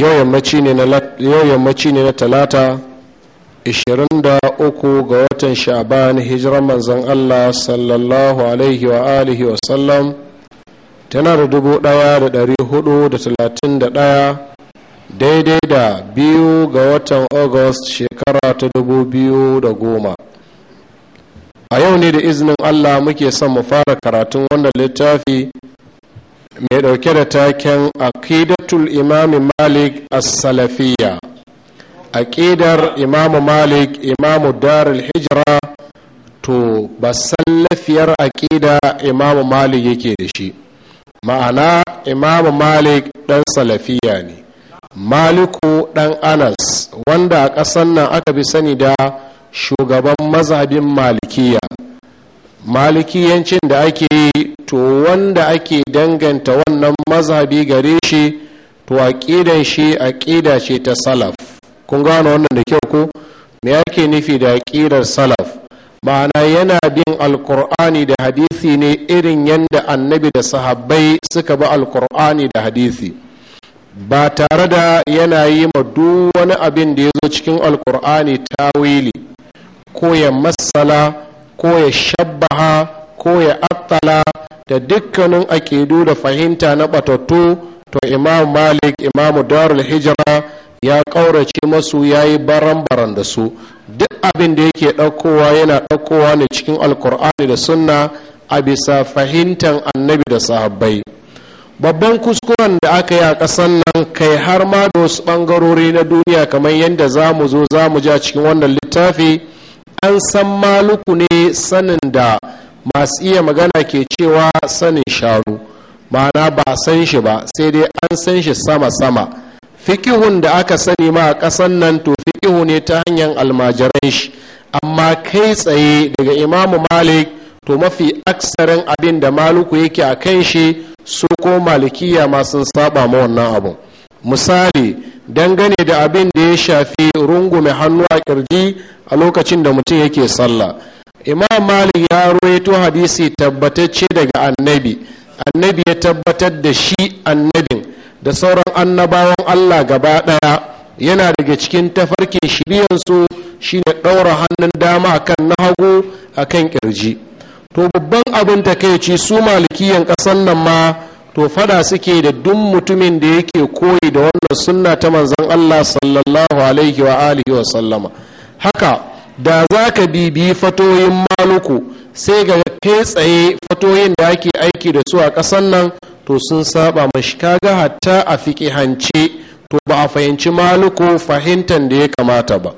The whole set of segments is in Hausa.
yau yammaci ne na talata 23 ga watan sha'ban hijiran manzan allah sallallahu alaihi wa alihi wa sallam tana da dubu daya da dari hudu da talatin da daya daidai da biyu ga watan august shekara ta dubu biyu da goma a yau ne da izinin allah muke son mu fara karatun wanda littafi mai ɗauke da taken aqidatul imam malik as-salafiyya aqidar imam malik imam darul hijra to ba sallafiyar aqida imam malik yake da shi ma'ana imam malik dan salafiyya ne maliku dan anas wanda a ƙasan nan aka bi sani da shugaban mazhabin malikiya malikiyancin da ake yi to wanda ake danganta wannan mazhabi gare shi to aƙidan shi aƙida ce ta salaf kun gano wannan da kyau ko me yake nufi da aƙidar salaf ma'ana yana bin alkur'ani da hadisi ne irin yadda annabi da sahabbai suka bi alkur'ani da hadisi ba tare da yana yi ma duk wani abin da ya zo cikin alkur'ani tawili ko ya matsala ko ya shabbaha ko ya attala da dukkanin aƙidu da fahimta na batattu to imam malik imamu darul hijira ya ƙaurace masu ya yi baran-baran da su duk abin da yake ɗaukowa yana ɗaukowa ne cikin alkur'ani da sunna a bisa fahimtar annabi da sahabbai babban kuskuren da aka yi a ƙasar nan kai har ma da wasu ɓangarori na duniya kamar yadda za mu zo za mu ja cikin wannan littafi an san maluku ne sanin da masu iya magana ke cewa sanin sharu ma'ana ba san shi ba sai dai an san shi sama-sama fikihun da aka sani ma a ƙasan nan to fikihu ne ta hanyar almajiran shi amma kai tsaye daga imamu malik to mafi aksarin abin da maluku yake a kan shi su ko malikiya masu sun saba ma wannan abu misali dangane da abin da ya shafi rungume hannu a kirji a lokacin da mutum yake sallah imam malik ya ruwaito hadisi tabbatacce daga annabi annabi ya tabbatar da shi annabin da sauran annabawan allah gaba ɗaya yana daga cikin tafarkin shiryansu shine ɗaura hannun dama akan na hagu akan kirji to babban abin takaici su malikiyan ƙasan nan ma to fada suke da duk mutumin da yake koyi da wannan sunna ta manzon allah sallallahu alaihi wa alihi wa sallama haka da za ka bibiyi fatoyin maluku sai ga kai tsaye fatoyin da ake aiki da su a ƙasan nan to sun saba mashi kaga hatta a fiƙihance to ba a fahimci maluku fahimtar da ya kamata ba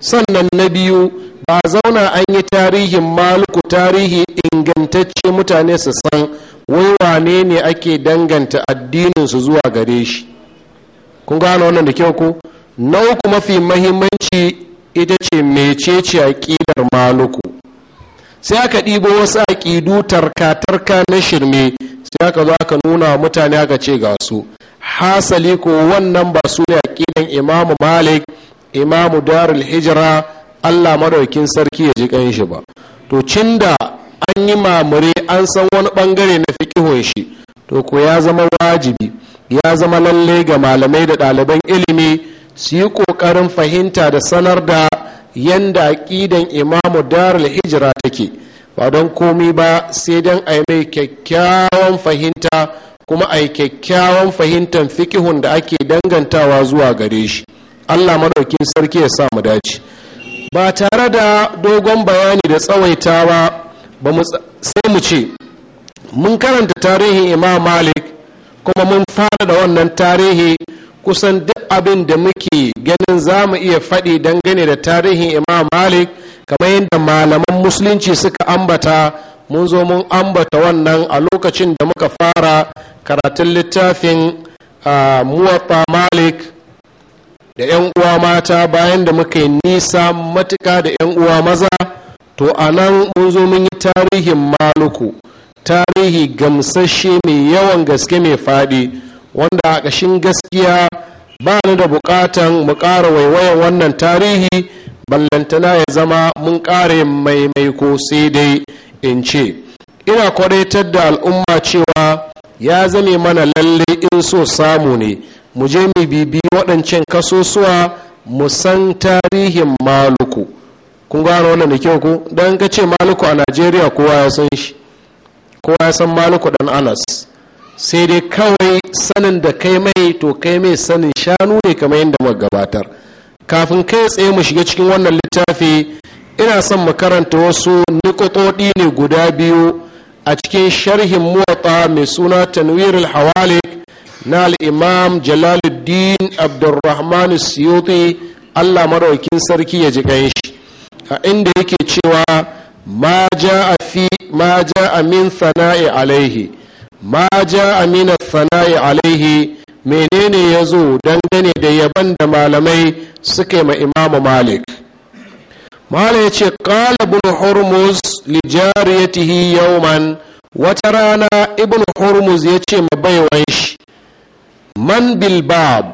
sannan na biyu ba zauna an yi tarihin maluku tarihi ingantacce mutane su san wai wane ne ake danganta addininsu zuwa gare shi kun gane wannan da kyau ko na uku mafi mahimmanci ita ce a aƙidar maluku sai aka ɗibo wasu aƙidu tarka-tarka na shirme sai aka zo aka nuna mutane aka ce ga su hasali ko wannan ba su ne aƙidan imamu malik imamu darul hijira allah madaukin sarki ya ji shi ba to cin da an yi mamure an san wani bangare na fi fikihon shi to ko ya zama wajibi ya zama lalle ga malamai da ɗaliban ilimi su yi ƙoƙarin fahimta da sanar da yanda aƙidan imamu darul hijira take ba don komi ba sai don a yi mai kyakkyawan fahimta kuma a yi kyakkyawan fahimtar fikihun da ake dangantawa zuwa gare shi allah maɗaukin sarki ya sa mu dace ba tare da dogon bayani da tsawaitawa ba sai mu ce mun karanta tarihin imam malik kuma mun fara da wannan tarihi kusan duk abin da muke ganin za mu iya faɗi dangane da tarihin imam malik kamar yadda malaman musulunci suka ambata mun zo mun ambata wannan a lokacin da muka fara karatun littafin muwatta malik da 'yan uwa mata bayan da muka yi nisa matuka da 'yan uwa maza to a nan mun zo mun yi tarihin maluku tarihi gamsashe mai yawan gaske mai faɗi wanda a ƙashin gaskiya ba ni da buƙatan mu ƙara waiwayan wannan tarihi ballantana ya zama mun ƙare maimaiko sai dai in ce ina kwadaitar da al'umma cewa ya zame mana lalle in so samu ne mu je mu bibi waɗancan kasusuwa mu san tarihin maluku kun gano wannan da kyau ku don ka ce maluku a najeriya kowa ya san shi kowa ya san maluku dan anas sai dai kawai sanin da kai mai to kai mai sanin shanu ne kamar yadda muka gabatar kafin kai tsaye mu shiga cikin wannan littafi ina son mu karanta wasu nikotodi ne guda biyu a cikin sharhin muwatta mai suna tanwir al-hawalik na al-imam jalaluddin abdurrahman siyuti allah maraukin sarki ya ji shi a inda yake cewa ma ja a min sana'i alaihi ma ja amina sana'i alaihi menene ya zo dangane da yaban da malamai suke ma imamu malik mala ya ce kala ibn hurmuz tihi yau man, wata rana ibn Hormuz ya ce ma baiwan shi man bilbab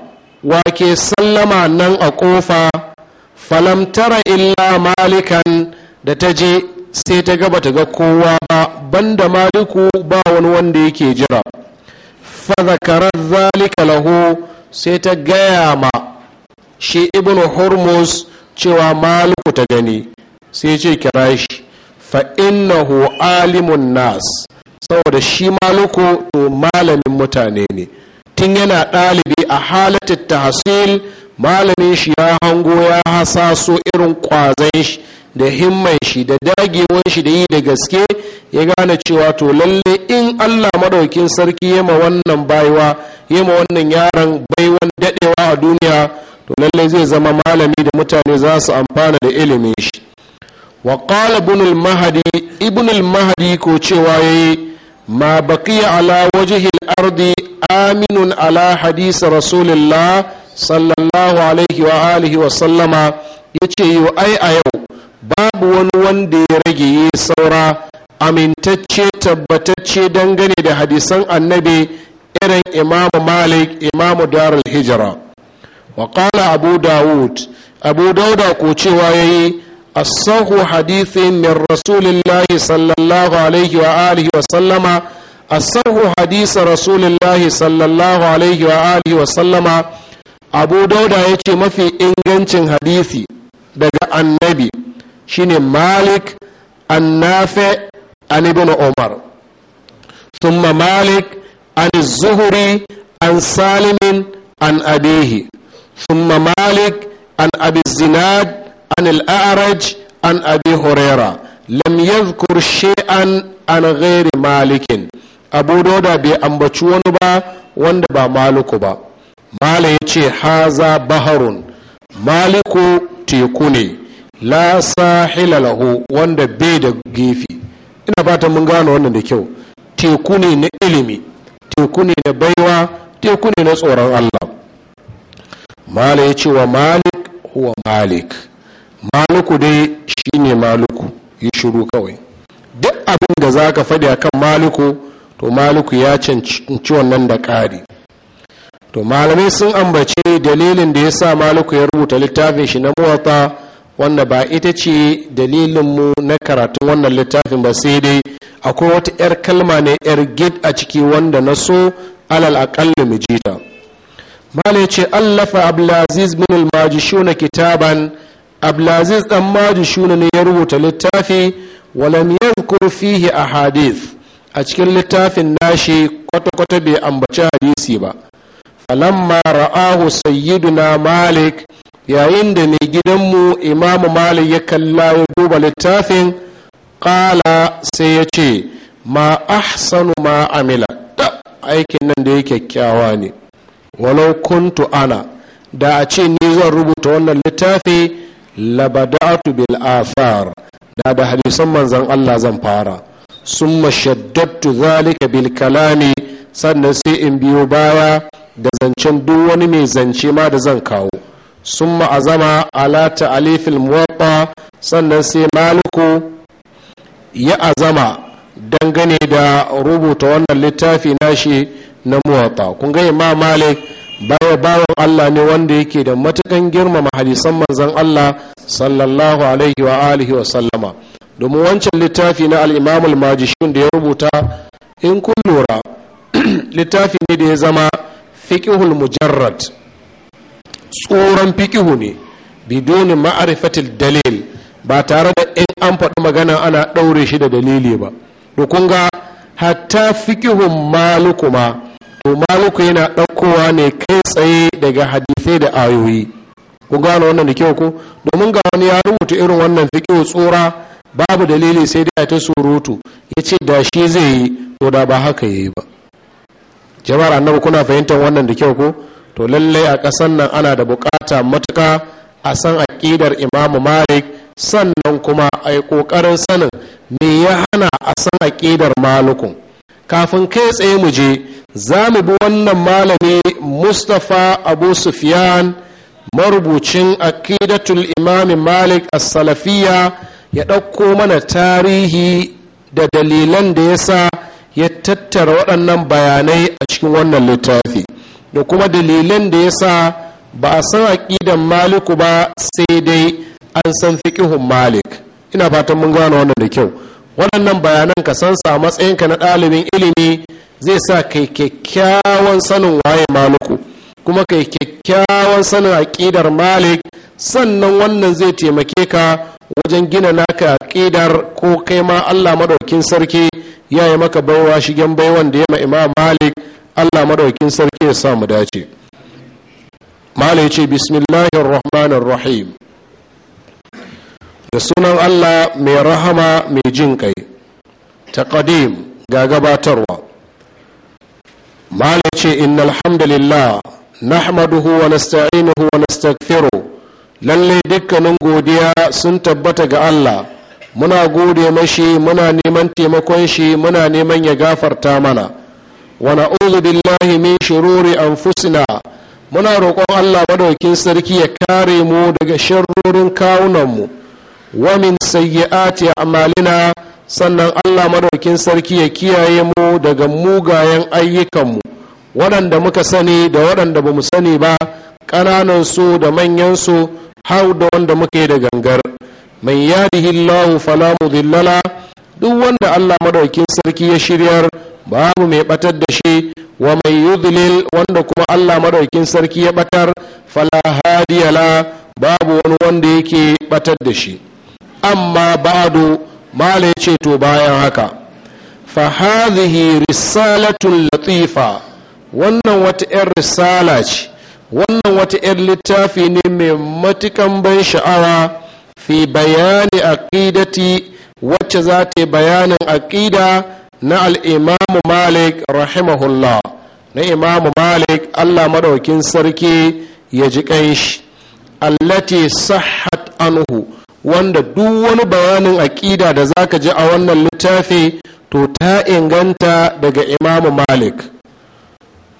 wa ke sallama nan a kofa falamtara illa malikan da ta je sai ta gaba ta ga kowa ba banda maliku ba wani wanda yake jira fazakarar zalika lahu sai ta gaya ma shi ibn hormuz cewa maliku ta gani sai ce kira shi fa'innahu alimun nas saboda shi maliku to malamin mutane ne tun yana ɗalibi a halittar tahasil malamin shi ya hango ya hasaso irin kwazon shi da himman shi da dagewan shi da yi da gaske ya gane cewa to lalle in allah maɗaukin sarki ya ma wannan baiwa ya ma wannan yaran baiwan daɗewa a duniya to lalle zai zama malami da mutane za su amfana da ilimin shi wa qala ibn al-mahdi ko cewa yayi ma baqiya ala wajhi al-ardi aminun ala hadisa rasulillah sallallahu alaihi wa alihi wa sallama yace yo ai a yau babu wani wanda ya rage yi saura amintacce tabbatacce dangane da hadisan annabi irin imamu malik imamu darul hijira wa kala abu dawud abu dawuda ko cewa yayi asahu hadithin min rasulillahi sallallahu alaihi wa alihi wa sallama asahu hadisa rasulillahi sallallahu alaihi wa alihi wa sallama abu dawuda ya ce mafi ingancin hadisi daga annabi shine malik an nafe an ibn umar thumma malik an zuhuri an salimin an abihi thumma malik an abi zinad an al'araj an abi huraira lam yadhkur shay'an an ghairi malikin abu dauda bai ambaci wani ba wanda ba maliku ba mala ya ce haza baharun maliku teku ne la sahila lahu wanda bai da gefe ina fatan mun gano wannan da kyau teku ne na ilimi teku ne na baiwa teku ne na tsoron Allah mala ya ce wa malik huwa malik maluku dai shine maluku yi shiru kawai duk abin da za ka faɗi akan maluku to maluku ya cancanci wannan da ƙari to malamai sun ambace dalilin da ya sa maluku ya rubuta littafin shi na muwata wanda ba ita ce dalilinmu na karatun wannan littafin ba sai dai akwai wata 'yar kalma ne 'yar gid a ciki wanda na so alal aƙalla mu ji ta malai ce allafa abdulaziz bin majishuna kitaban abdulaziz dan majishuna ne ya rubuta littafi walam yadhkur fihi ahadith a cikin littafin nashi kwata-kwata bai ambaci hadisi ba falamma ra'ahu sayyiduna malik yayin da mai gidanmu imamu malik ya kalla ya duba littafin ƙala sai ya ce ma ahsanu ma amila aikin nan da ya kyakkyawa ne walau kuntu ana da a ce ni zan rubuta wannan littafi Labadatu bil afar da da hadisan manzan Allah zan fara summa shaddadtu zalika bil kalami sannan sai in biyo baya da zancen duk wani mai zance ma da zan kawo sun ma'azama ala ta'alifil muwatta sannan sai maliku ya azama dangane da rubuta wannan littafi nashi na muwatta kun ga imam malik baya bawan allah ne wanda yake da matukan girmama hadisan manzon allah sallallahu alaihi wa alihi wa sallama domin wancan littafi na al'imamul majishun da ya rubuta in kun lura littafi ne da ya zama fiƙihul mujarrad tsoron fikihu ne bidoni ma'arifatil dalil ba tare da in an faɗi magana ana ɗaure shi da dalili ba to kun ga hatta fikihun maluku ma to maluku yana ɗaukowa ne kai tsaye daga hadisai da ayoyi kun gano wannan da kyau ko domin ga wani ya rubuta irin wannan fikihu tsora babu dalili sai dai ta surutu ya ce da shi zai yi to da ba haka ya yi ba jama'ar annabi kuna fahimtar wannan da kyau ko to lallai a ƙasar nan ana da bukata matuka a san aƙidar imamu malik sannan kuma a yi ƙoƙarin sanin me ya hana a san aƙidar malukun kafin kai tsaye mu je za mu bi wannan malami mustapha abu sufyan marubucin aƙidatul imami malik a salafiyya ya ɗauko mana tarihi da dalilan da ya sa ya tattara waɗannan bayanai a cikin wannan littafi da kuma dalilan da ya sa ba a san aƙidan maliku ba sai dai an san fiƙihun malik ina fatan mun gano wannan da kyau waɗannan bayanan ka san sa matsayinka na ɗalibin ilimi zai sa kai kyakkyawan sanin waye maliku kuma kai kyakkyawan sanin aƙidar malik sannan wannan zai taimake ka wajen gina naka aƙidar ko kai ma allah maɗaukin sarki ya yi maka baiwa shigen baiwan da ya ma imam malik allah madaukin sarki ya sa mu dace mala ya ce bismillahir rahmanir rahim da sunan allah mai rahama mai jin kai qadim ga gabatarwa mala ya ce innal hamdalillah nahmaduhu wa nasta'inuhu wa nastaghfiruh lalle dukkanin godiya sun tabbata ga Allah muna gode mashi muna neman taimakon shi muna neman ya gafarta mana wana uzu billahi min shururi anfusina muna roƙon Allah madaukin sarki ya kare mu daga sharrorin kawunanmu wa min sayyi'ati a'malina sannan Allah madaukin sarki ya kiyaye mu daga mugayen ayyukan mu waɗanda muka sani da waɗanda bamu sani ba ƙananan su da manyan su hau da wanda muka da gangar man yadihillahu fala mudillala duk wanda Allah madaukin sarki ya shiryar babu mai batar da shi wa mai yudlil wanda kuma Allah madaukin sarki ya batar fala hadiyala babu wani wanda yake batar da shi amma ba'du mala ce to bayan haka fa hadhihi risalatun latifa wannan wata 'yar risala ce wannan wata 'yar littafi ne mai matukan ban sha'awa fi bayani aqidati wacce za ta yi bayanin aqida na al'imamu malik rahimahullah na imamu malik allah madaukin sarki ya ji ƙanshi allati sahat anhu wanda duk wani bayanin aƙida da za ka ji a wannan littafi to ta inganta daga imamu malik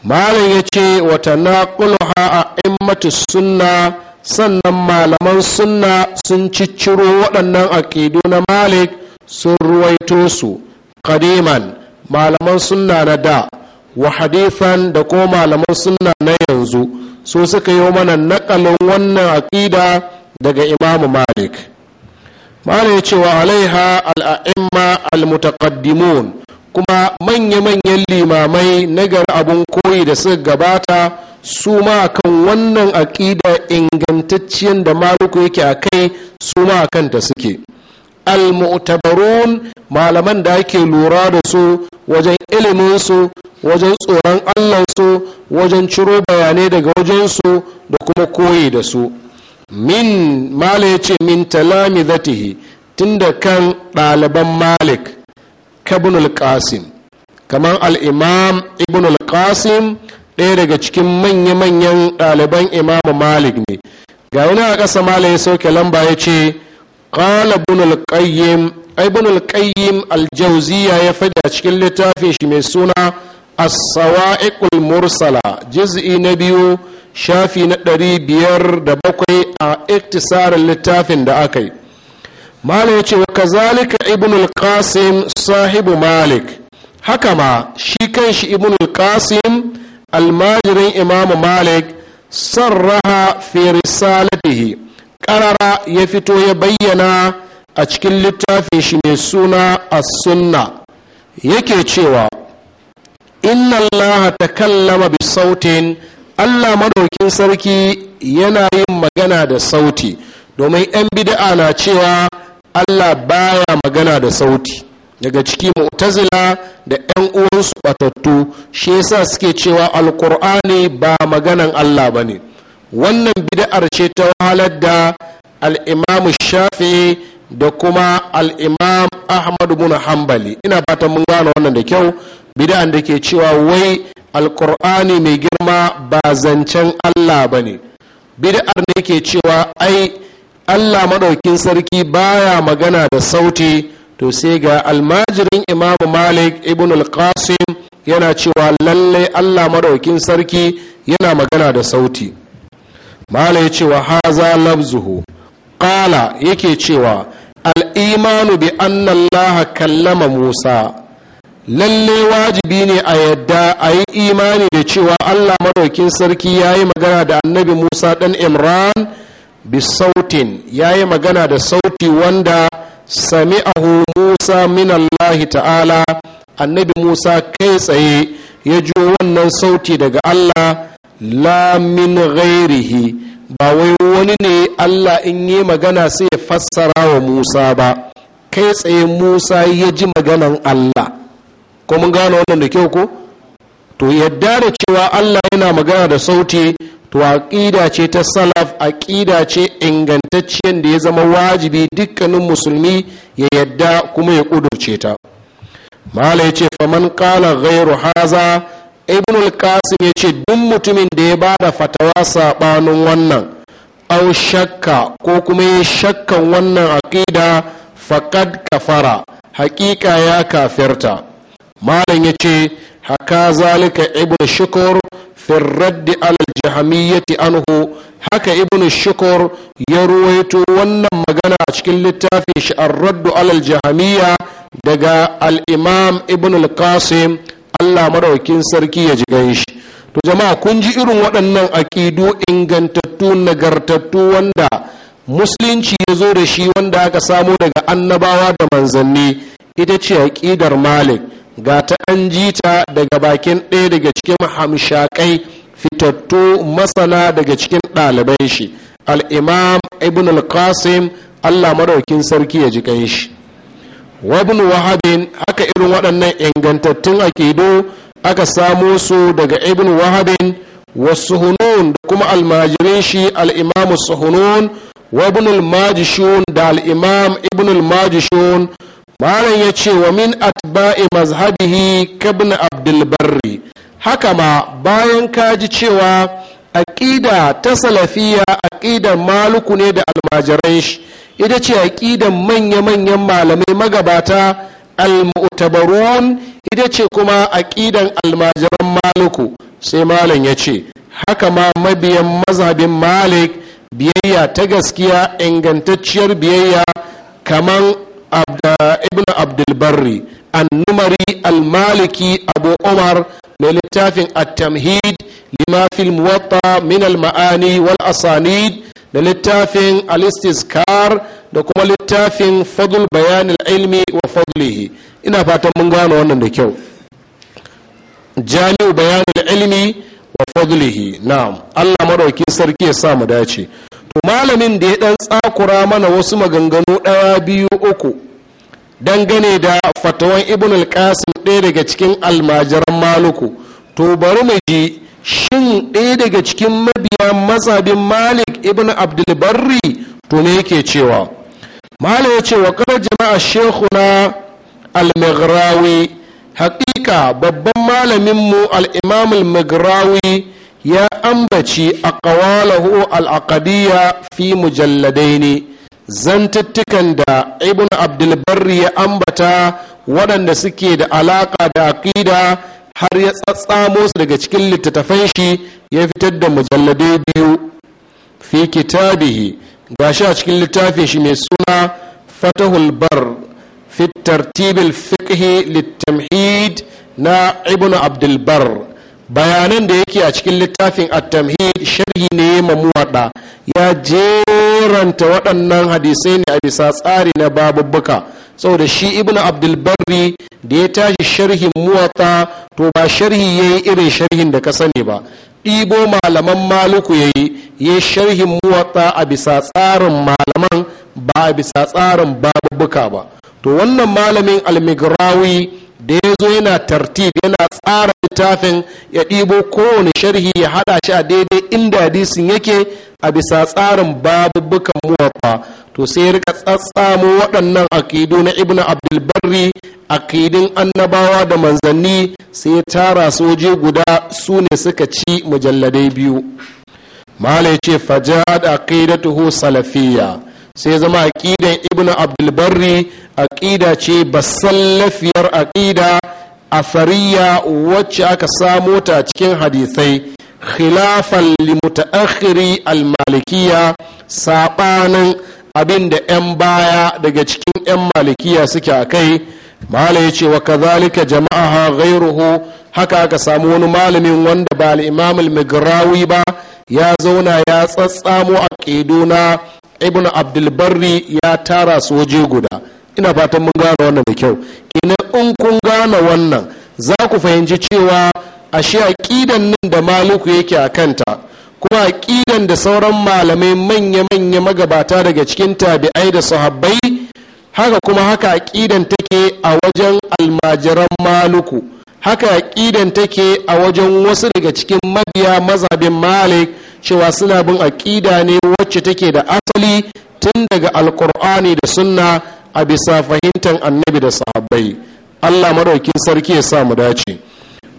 malik ya ce wata ƙulha a immatu sunna sannan malaman sunna sun cicciro waɗannan aƙidu na malik sun ruwaito su qadiman malaman sunna na da wa hadithan da kuma malaman sunna na yanzu so suka yi mana nakalin wannan aƙida daga imamu malik malik ya ce wa alaiha al'a'imma al-mutaqaddimun kuma manya-manyan limamai na gari abun koyi da suka gabata su ma kan wannan aƙida ingantacciyar da maluku yake a kai su ma kanta suke al-mu'tabarun malaman da ake lura da su wajen iliminsu wajen tsoron allansu wajen ciro bayanai daga wajensu da kuma koyi da su min mala ce min talami zatihi tun da kan ɗaliban malik kabinul qasim kamar al'imam ibnul qasim ɗaya daga cikin manya-manyan ɗaliban imamu malik ne ga yana a ƙasa mala ya sauke lamba ya ce qala ibn al-qayyim ibn al-qayyim cikin littafin shi mai suna as-sawa'iqul mursala juz'i na biyu shafi na ɗari biyar da bakwai a iktisarin littafin da aka yi mala ce wa kazalika ibn al sahibu malik haka ma shi kanshi ibn almajirin imamu malik sarraha fi risalatihi karara ya fito ya bayyana a cikin littafin shi mai suna as-sunna yake cewa inna Allah ta kallama bi sautin Allah madaukin sarki yana yin magana da sauti domin 'yan bida'a na cewa Allah baya magana da sauti daga ciki mu'tazila da 'yan uwansu batattu shi yasa suke cewa alkur'ani ba maganan Allah ba ne wannan bid'ar ce ta wahalar da al'imam shafi da kuma al'imam ahmadu muna hambali ina fatan mun gano wannan da kyau bid'an da ke cewa wai alkur'ani mai girma ba zancen allah ba ne bid'ar ne ke cewa ai allah maɗaukin sarki baya magana da sauti to sai ga almajirin imam malik ibn al-qasim yana cewa lallai allah maɗaukin sarki yana magana da sauti mala ya ce haza labzuhu kala yake cewa al'imanu bi annallaha kallama musa lalle wajibi ne a yadda a yi imani da cewa allah madaukin sarki ya yi magana da annabi musa dan imran bi sautin ya yi magana da sauti wanda sami sami'ahu musa minallahi ta'ala annabi musa kai tsaye ya ji wannan sauti daga allah la min ghairihi ba wai wani ne Allah in yi magana sai ya fassara wa Musa ba kai tsaye Musa ya ji maganan Allah ko mun gane wannan da kyau ko to yadda da cewa Allah yana magana da sauti to aƙida ce ta salaf aƙida ce ingantacciyar da ya zama wajibi dukkanin musulmi ya yadda kuma ya ƙudurce ta mala ce ce faman ƙala ghairu haza ibn al-qasim ya ce duk mutumin da ya ba da fatawa saɓanin wannan au shakka ko kuma ya shakkan wannan aƙida faqad kafara haƙiƙa ya kafirta malam ya ce haka zalika ibn shukur firraddi al jahamiyyati anhu haka ibn shukur ya ruwaito wannan magana a cikin littafin shi raddu al jahamiyya daga al-imam ibn al-qasim allah maraukin sarki ya ji shi to jama'a kun ji irin waɗannan aƙidu ingantattu nagartattu wanda musulunci ya zo da shi wanda aka samo daga annabawa da manzanni ita ce aƙidar malik ga ta an jita daga bakin ɗaya daga cikin hamshakai fitattu masana daga cikin ɗalibai shi al'imam ibn al-qasim allah maraukin sarki ya ji shi. wabin wahabin aka irin waɗannan ingantattun akidu aka samo su daga ibn wahabin wasu hunun da kuma almajirin shi al'imamu suhunun wabin almajishun da al'imam ibn almajishun malam ya ce wa min atba'i mazhabihi kabin abdulbarri haka ma bayan kaji cewa aƙida ta salafiya aƙidar maluku ne da almajirin shi ita ce aƙidan manya-manyan malamai magabata al-mu'tabarun ita ce kuma aƙidan almajiran maliku sai malam ya ce haka ma mabiyan mazhabin malik biyayya ta gaskiya ingantacciyar biyayya kamar ibn abdulbarri annumari al-maliki abu umar mai littafin at-tamhid lima minal muwatta min al-ma'ani wal asanid da littafin alistiskar da kuma littafin fadul bayanin ilmi wa fadlihi ina fatan mun gano wannan da kyau jami'u bayanin ilmi wa fadlihi na'am allah marauki sarki ya sa mu dace to malamin da ya dan tsakura mana wasu maganganu ɗaya biyu uku dangane da fatawan ibn al ɗaya daga cikin almajiran maluku to bari mu ji shin ɗaya daga cikin mabiya mazabin malik ibn abdulbarri to ne yake cewa malik ya ce wa kar jama'a shekuna al-maghrawi haƙiƙa babban malaminmu al-imam al-maghrawi ya ambaci a aqwalahu al-aqadiyya fi mujalladai mujalladaini zantuttukan da ibn abdulbarri ya ambata waɗanda suke da alaƙa da aƙida har ya tsatsamo su daga cikin littattafan shi ya fitar da mujalladai biyu fi kitabihi shi a cikin littafin shi mai suna fatahul bar fi tartibil fiqhi litamhid na ibn abdul bar bayanan da yake a cikin littafin at-tamhid sharhi ne mamuwada ya jeranta waɗannan hadisai ne a bisa tsari na babubbuka saboda shi ibn abdulbarri da ya tashi sharhin muwata to ba sharhi ya yi irin sharhin da ka sani ba ɗibo malaman maluku ya yi ya sharhin muwata a bisa tsarin malaman ba a bisa tsarin babubuka ba to wannan malamin almigrawi da ya zo yana tartib yana tsara littafin ya ɗibo kowane sharhi ya haɗa shi a daidai inda hadisin yake a bisa tsarin babubukan muwatta to sai ya rika tsatsamo waɗannan akidu na ibnu abdulbarri akidun annabawa da manzanni sai ya tara soje guda su ne suka ci mujalladai biyu mala ya ce da salafiyya sai zama aqidan ibnu abdul aƙida aqida ce basallafiyar aqida fariya wacce aka samo ta cikin hadisai khilafan limutaakhiri almalikiya sabanin abin da 'yan baya daga cikin 'yan malikiya suke a kai mala ya ce wa kazalika jama'a ghairuhu haka aka samu wani malamin wanda ba al'imam al-migrawi ba ya zauna ya tsatsamo a ƙiduna ibn abdulbarri ya tara su waje guda ina fatan mun gane wannan da kyau ina in kun gane wannan za ku fahimci cewa ashe aƙidan nan da maluku yake a kanta kuma aƙidan da sauran malamai manya-manya magabata daga cikin tabi'ai da sahabbai haka kuma haka aƙidan take a wajen almajiran maluku haka aƙidan take a wajen wasu daga cikin mabiya mazhabin malik cewa suna bin aƙida ne wacce take da asali tun daga alkur'ani da sunna a bisa fahimtar annabi da sahabbai allah madaukin sarki ya sa mu dace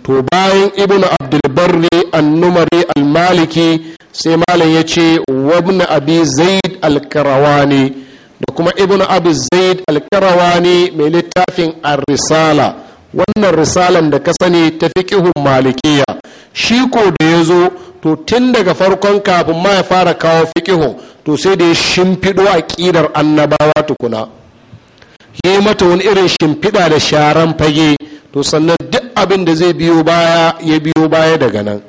to bayan ibnu abdulbarri annumari almaliki sai malam ya ce wabna abi zaid alkarawani da kuma ibnu abi zaid alkarawani mai littafin ar-risala wannan risalan da ka sani ta fiqhun malikiya shi ko da ya zo to tun daga farkon kafin ma ya fara kawo fiqhun to sai da ya shimfiɗo aƙidar annabawa tukuna ya yi mata wani irin shimfiɗa da sharan fage to sannan duk abin da zai biyo baya ya biyo baya daga nan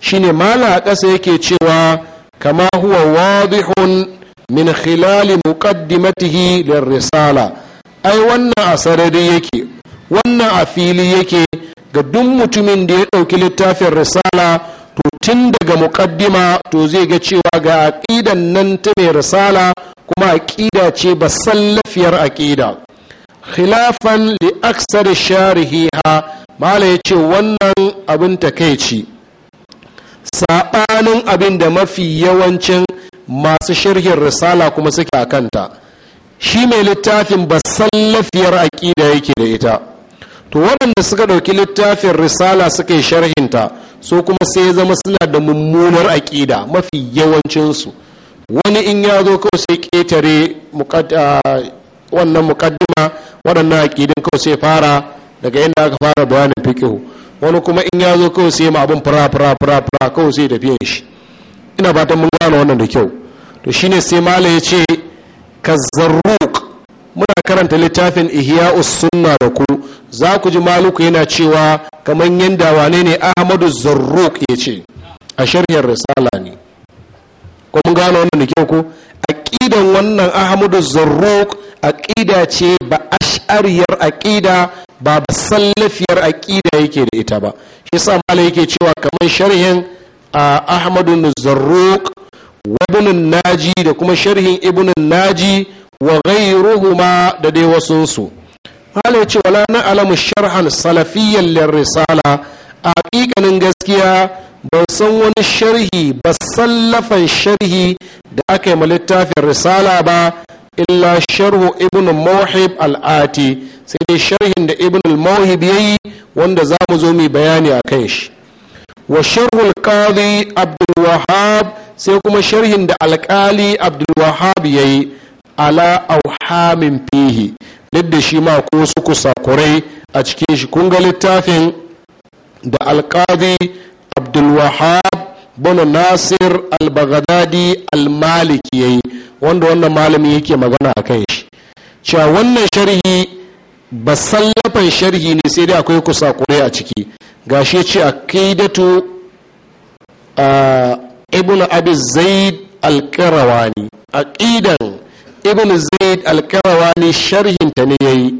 shine mala a ƙasa yake cewa kama huwa wadihun min khilali muqaddimatihi lir risala ai wannan a sarari yake wannan a fili yake ga duk mutumin da ya ɗauki littafin risala to tun daga muƙaddima to zai ga cewa ga aƙidan nan ta mai risala kuma aƙida ce ba sallafiyar aƙida khilafan li aksar sharihiha mala ya ce wannan abin ta ce saɓanin abin da mafi yawancin masu sharhin risala kuma suke a kanta shi mai littafin ba sallafiyar aƙida yake da ita to waɗanda suka ɗauki littafin risala suka yi sharhinta so kuma sai ya zama suna da mummunar aƙida mafi yawancinsu wani in ya zo kawai sai ƙetare ah, wannan mukaddima waɗannan aƙidin kawai sai fara daga inda aka fara bayanin fikihu wani kuma in ya zo kawai sai ma abin fara fara fara fura kawai sai tafiya shi ina fatan mun gane wannan da kyau to shine sai malam ya ce zarruk muna karanta littafin ihya sunna da ku za ku ji maluku yana cewa kamar yadda wane ne ahmadu zarruk ya ce a sharhin risala ne kuma gano wannan da kyau a aqidan wannan ahmadu zarruk aqida ce ba ash'ariyar aqida ba ba sallafiyar aqida yake da ita ba shi yasa malai yake cewa kamar sharhin ahmadu zarruk wa ibn naji da kuma sharhin ibn naji wa ma da dai wasu su malai ce wala na alamu sharhan salafiyyan lir risala a hakikanin gaskiya ban san wani sharhi ba sallafan sharhi da aka yi ma littafin risala ba illa sharhu ibn mawhib al'ati sai dai sharhin da ibn mawhib ya yi wanda za mu zo mu bayani a kan shi wa sharhu al-qadi abdul wahab sai kuma sharhin da alkali abdul wahab ya yi ala auhamin fihi duk da shi ma ko su kusakurai a cikin shi kun ga littafin da alkadi abdulwahab bin nasir al almaliki al yayi wanda wannan malami yake magana a kan shi cewa wannan sharhi ba sallafan sharhi ne sai dai akwai kusakurai a ciki gashi ce a kaidatu ah, ibn abi zaid al A aqidan ibn zaid alkarawani sharhinta ne ya yi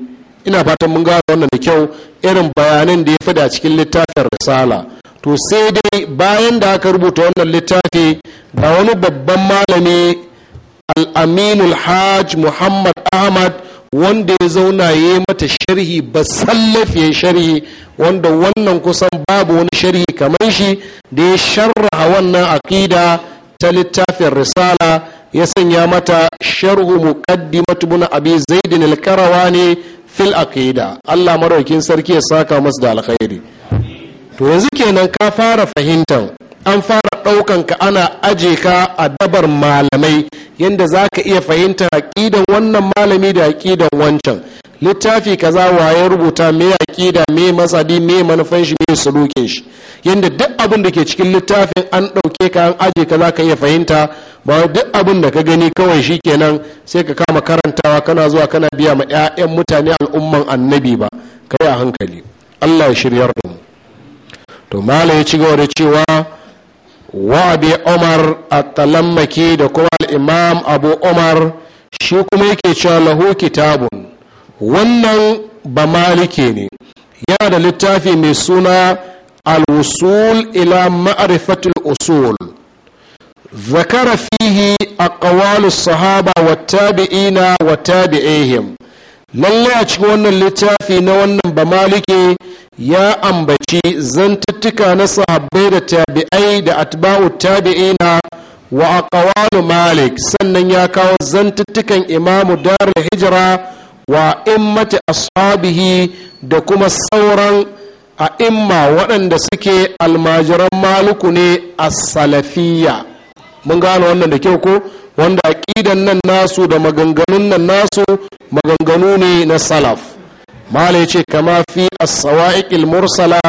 ina fatan mun ga wannan da kyau irin bayanan da ya fada cikin littafin risala to sai dai bayan da aka rubuta wannan littafi da wani babban malami al'aminul hajj muhammad ahmad wanda ya zauna ya yi mata sharhi ba sallafiye sharhi wanda wannan kusan babu wani sharhi kamar shi da ya sharraha wannan aƙida ta littafin risala ya sanya mata sharhu muqaddimat ibn abi zaid al-karawani fil aqida Allah maraukin sarki ya saka masu da alkhairi to yanzu kenan ka fara fahimtar an fara ɗaukan ka ana aje ka a dabar malamai yadda za ka iya fahimtar aƙidan wannan malami da aƙidan wancan littafi kaza waye rubuta me aqida me masadi me manufan shi me sulukin shi yanda duk abin da ke cikin littafin an dauke ka an aje ka za ka iya fahimta ba duk abin da ka gani kawai shi kenan sai ka kama karantawa kana zuwa kana biya ma ƴaƴan mutane al'umman annabi ba kai a hankali Allah ya shiryar da mu to mala ya ci gaba da cewa wa abi umar at-talammaki da kuma al-imam abu umar shi kuma yake cewa lahu kitabun wannan ba malike ne yana da littafi mai suna al ila ma'arifatul usul ذكر sahaba wa tabi'ina wa وتابعيهم lalle a cikin wannan littafi na wannan bamalike ya ambaci zantuttuka na sahabbai da tabi'ai da atba'u tabi'ina wa aqwalu malik sannan ya kawo zantuttukan imamu darul hijira wa immati ashabihi da kuma sauran a imma waɗanda suke almajiran maluku ne a salafiya mun gane wannan da kyau ko wanda aƙidan nan nasu da maganganun nan nasu maganganu ne na salaf mala ce kama fi as mursala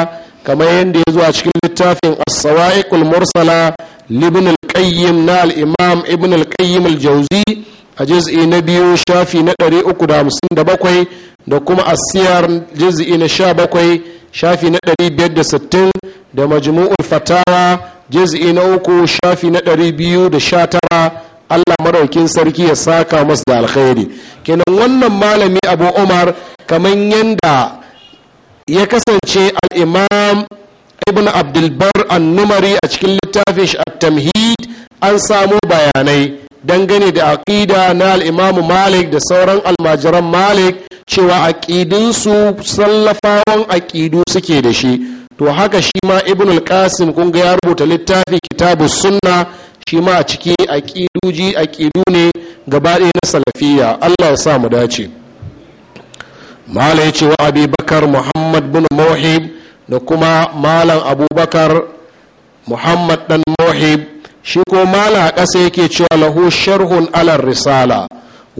kama yadda ya zo a cikin littafin as mursala libn al na al-imam ibn al-qayyim a jiz'i na biyu shafi na 357 da kuma a siyar jiz'i na 17 shafi na 560 da majmu'ul fatawa jiz'i na uku shafi na 219 Allah maraukin sarki ya saka masu da alkhairi kenan wannan malami abu umar kamar yadda ya kasance al'imam ibn abdulbar numari a cikin littafin shi a tamhid an samo bayanai dangane da aƙida na al'imamu malik da sauran almajiran malik cewa aƙidinsu sallafawan aƙidu suke da shi to haka shi ma ibn al-qasim ya rubuta littafi kitabu sunna shi ma a ciki aƙiduji aƙidu ne gaba na salafiya allah ya sa mu dace malai ya ce wa abubakar muhammad bin mohib da kuma malam abubakar muhammad dan muhib. shi ko mala a ƙasa yake cewa lahu sharhun alar risala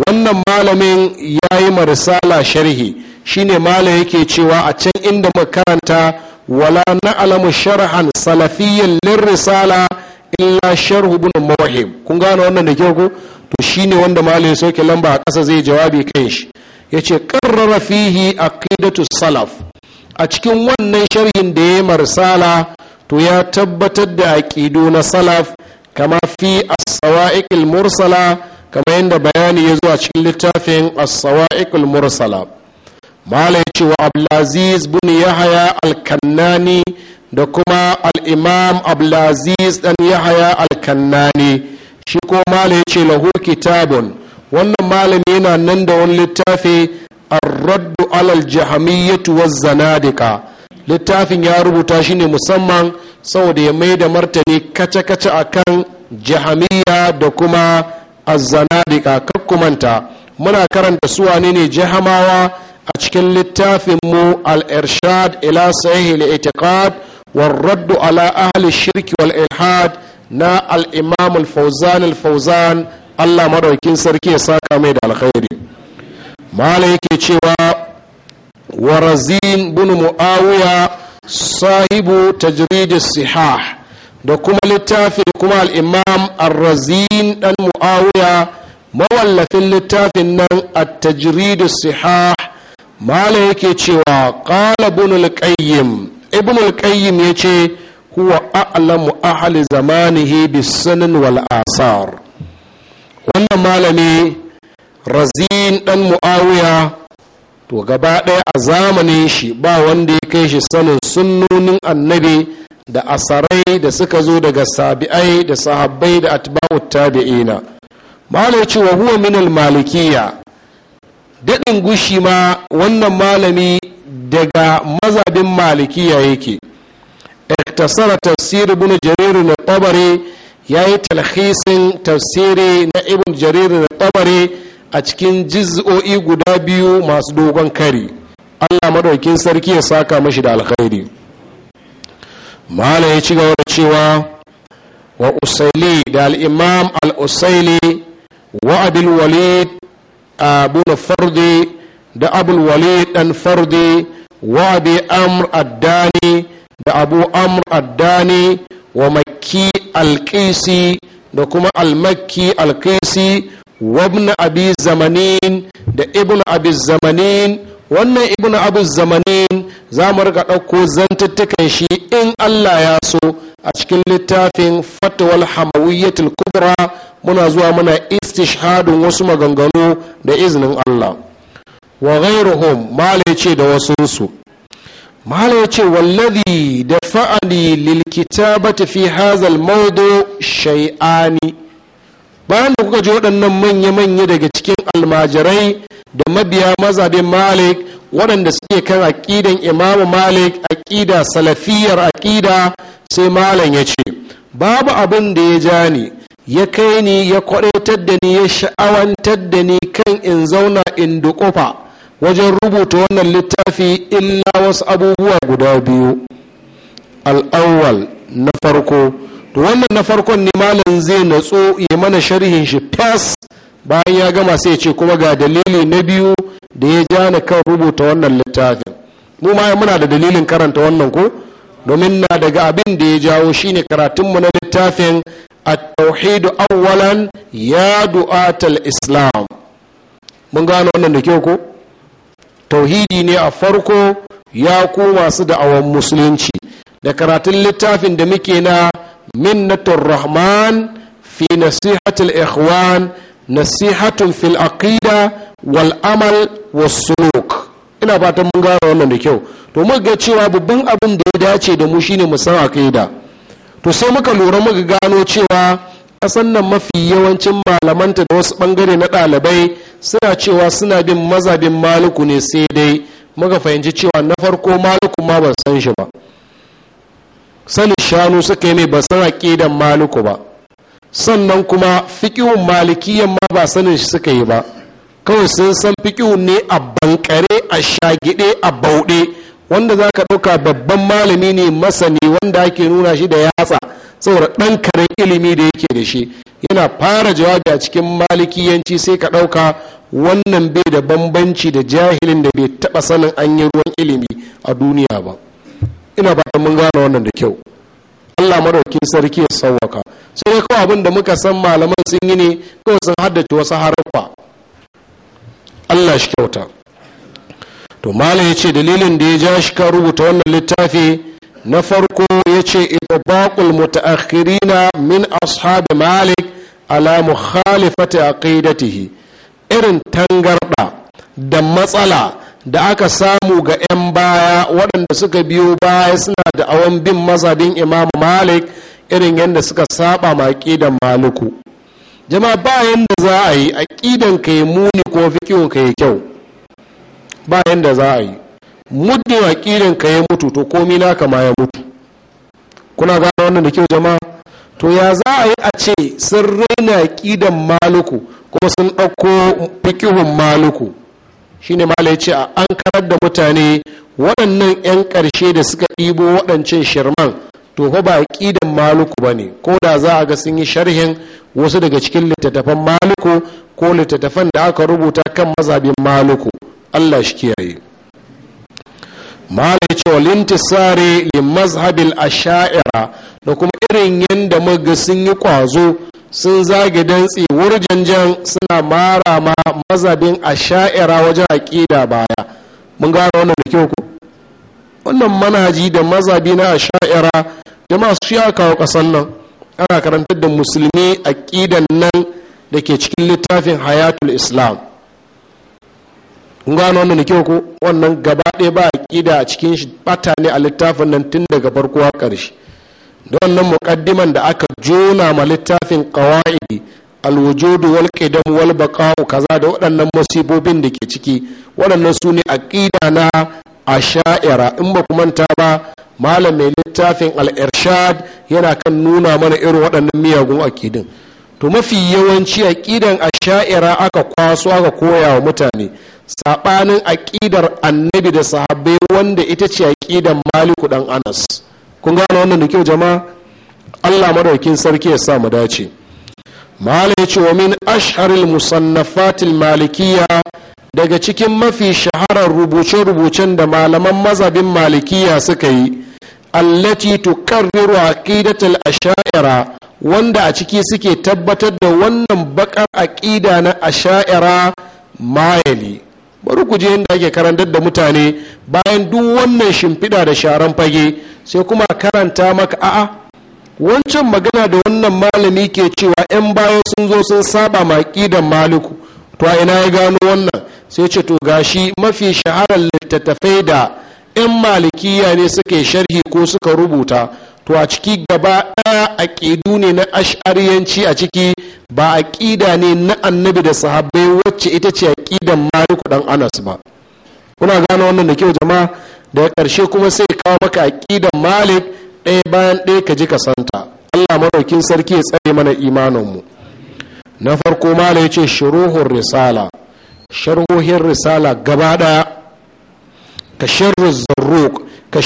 wannan malamin ya yi ma risala sharhi shine mala yake cewa a can inda makaranta wala na alamu sharhan salafiyyan lir risala illa sharhu ibn mawahim kun gane wannan da kyau ko to shine wanda malamin soke lamba a ƙasa zai jawabi kan shi yace karrara fihi aqidatu salaf a cikin wannan sharhin da ya yi marsala to ya tabbatar da aƙido na salaf kama fi as mursala kama yadda bayani ya zuwa cikin littafin asawa'ikul mursala malai cewa abdulaziz bin yahaya alkannani da kuma al'imam imam abdulaziz dan yahaya al shi ko malai ce lahu kitabun wannan malami yana nan da wani littafi ar-raddu alal jahamiyyatu waz zanadika littafin ya rubuta shi ne musamman saboda ya mai da martani kace-kace a kan da kuma azzanadika kakkumanta muna karanta su wani ne jahamawa a cikin littafinmu al-irshad ila sahih al-i'tiqad والرد na أهل al والإلحاد نا الإمام الفوزان الفوزان Sarki ya سركي mai da الخير Malam yake cewa warazin bin mu'awiya sahibu tajrid sihah da kuma littafin kuma al-imam ar-razin dan muawiya mawallafin littafin nan a tajrid sihah mala yake cewa ƙala ibn al-qayyim ibn al-qayyim yace huwa a'lamu ahli zamanihi bis-sunan wal asar wannan malami razin dan muawiya to gaba ɗaya a zamanin shi ba wanda ya kai shi sanin sunnonin annabi da asarai da suka zo daga sabi'ai da sahabbai da atba'ut tabi'ina malai ce wa huwa minal malikiya daɗin gushi ma wannan malami daga mazabin malikiya yake iktasara tafsir ibn jarir na tabari ya yi talhisin tafsiri na ibn jarir na tabari a cikin jiz'o'i guda biyu masu dogon kari allah madaukin sarki ya saka mashi da alkhairi malam ya ci gaba da cewa wa usaili da al'imam al'usaili wa abul abu na fardi da abulwali dan fardi wa amr addani da abu amr addani wa makki alkisi da kuma almakki alkisi wabna abi zamanin da ibn abi zamanin wannan ibn abi zamanin za mu rika ɗauko zantattukan shi in allah ya so a cikin littafin fatawal hamawiyyatul kubra muna zuwa muna istishhadin wasu maganganu da izinin allah wa ghairuhum mala ce da wasunsu mala ce wallazi da fa'ali lil kitabati fi hazal mawdu shay'ani bayan da kuka ji waɗannan manya-manya daga cikin almajirai da mabiya mazabin malik waɗanda suke kan aƙidan imamu malik aƙida salafiyar aƙida sai malam ya ce babu abin da ya ja ni ya kai ni ya kwaɗaitar da ni ya sha'awantar da ni kan in zauna in duƙufa wajen rubuta wannan littafi illa wasu abubuwa guda biyu al'awwal na farko to wannan na farkon ne malam zai natso ya mana sharhin shi tas bayan ya gama sai ya ce kuma ga dalili na biyu da ya ja ni kan rubuta wannan littafin mu ma muna da dalilin karanta wannan ko domin na daga abin da ya jawo shine karatunmu na littafin at-tauhid awwalan ya al islam mun gano wannan da kyau ko tauhidi ne a farko ya ku masu da'awan musulunci da karatun littafin da muke na minnatur rahman fi nasihatul ikhwan nasihatun fil aqida wal amal was suluk ina fatan mun gane wannan da kyau to muka ga cewa babban abin da ya dace da mu shine mu san aqida to sai muka lura muka gano cewa kasan nan mafi yawancin malamanta da wasu bangare na ɗalibai suna cewa suna bin mazabin maluku ne sai dai muka fahimci cewa na farko maluku ma ban san shi ba Sanin shanu suka yi mai ba san aƙidan maliku ba sannan kuma fikihun malikiyan ma ba sanin shi suka yi ba kawai sun san fikihun ne a bankare a shagide a bauɗe wanda za ka ɗauka babban malami ne masani wanda ake nuna shi da yatsa saboda ɗan karen ilimi da yake da shi yana fara jawabi a cikin malikiyanci sai ka ɗauka wannan bai da bambanci da jahilin da bai taɓa sanin an yi ruwan ilimi a duniya ba ina ba mun gane wannan da kyau allah madaukin sarki ya sauwaka sai ya kawo abin da muka san malaman sun yi ne kawai sun haddace wasu haruffa allah shi kyauta to malam ya ce dalilin da ya ja shi ka rubuta wannan littafi na farko ya ce ita itibaqul mutaakhirina min ashabi malik ala mukhalifati aqidatihi irin tangarɗa da matsala da aka samu ga 'yan baya waɗanda suka biyo baya suna da awon bin mazabin imamu malik irin yadda suka saba ma aƙidan maluku jama'a ba yadda za a yi ƙidan ka yi muni ko fikiyon ka yi kyau ba yadda za a yi muddin a ƙidan ka yi mutu to komi naka ma ya mutu kuna gano wannan da kyau jama'a to ya za a yi a ce sun raina ƙidan maluku kuma sun ɗauko fikihun maluku shine malai ce a an karar da mutane waɗannan 'yan ƙarshe da suka ɗibo waɗancan shirman to ko ba ƙidan maluku ba ne ko da za a ga sun yi sharhin wasu daga cikin littattafan maluku ko littattafan da aka rubuta kan mazhabin maluku Allah shi kiyaye malai cewa lintisari li mazhabil asha'ira da kuma irin yadda muga sun yi kwazo sun zage dantse wurjanjan suna mara ma mazabin a sha'ira wajen aƙida baya mun gara wannan da kyau ku? wannan manaji da mazabi na sha'ira da masu shi kawo ƙasan nan ana karantar da musulmi aƙidan nan da ke cikin littafin hayatul islam Mun gano wannan da kyau ku? wannan gaba ɗaya ba aƙida a cikin shi bata ne a littafin nan tun daga farko a ƙarshe da wannan muƙaddiman da aka jona ma littafin ƙawa'idi alwujudu wal qidam wal baqa'u kaza da waɗannan masibobin da ke ciki waɗannan su ne aqida na asha'ira in ba ku manta ba malam mai littafin al-irshad yana kan nuna mana irin waɗannan miyagun aqidin to mafi yawanci aqidan asha'ira aka kwaso aka koya wa mutane saɓanin aƙidar annabi da sahabbai wanda ita ce aqidan maliku dan anas kun gane wannan da kyau jama'a allah madaukin sarki ya sa mu dace malai ce wa min asharil musannafatil malikiya daga cikin mafi shaharar rubuce-rubucen da malaman mazabin malikiya suka yi allati tukarriru aqidatul asha'ira wanda a ciki suke tabbatar da wannan bakar aqida na asha'ira mayali bari ku je yadda ake karantar da mutane bayan duk wannan shimfiɗa da sharan fage sai kuma karanta maka a'a wancan magana da wannan malami ke cewa 'yan bayan sun zo sun saba da maliku to a ina ya gano wannan sai ce to gashi mafi shaharar littattafai da 'yan malikiya ne suke sharhi ko suka rubuta to a ciki gaba ɗaya aƙidu ne na ash'ariyanci a ciki ba aƙida ne na annabi da sahabbai wacce ita ce aƙidan maliku ɗan anas ba kuna gane wannan da kyau jama'a daga ƙarshe kuma sai kawo maka aƙidan malik ɗaya bayan ɗaya ka ji ka santa allah maraukin sarki ya tsare mana imaninmu na farko mala ya ce shuruhun risala sharhohin risala gaba ɗaya ka sharhi Zarrok. ka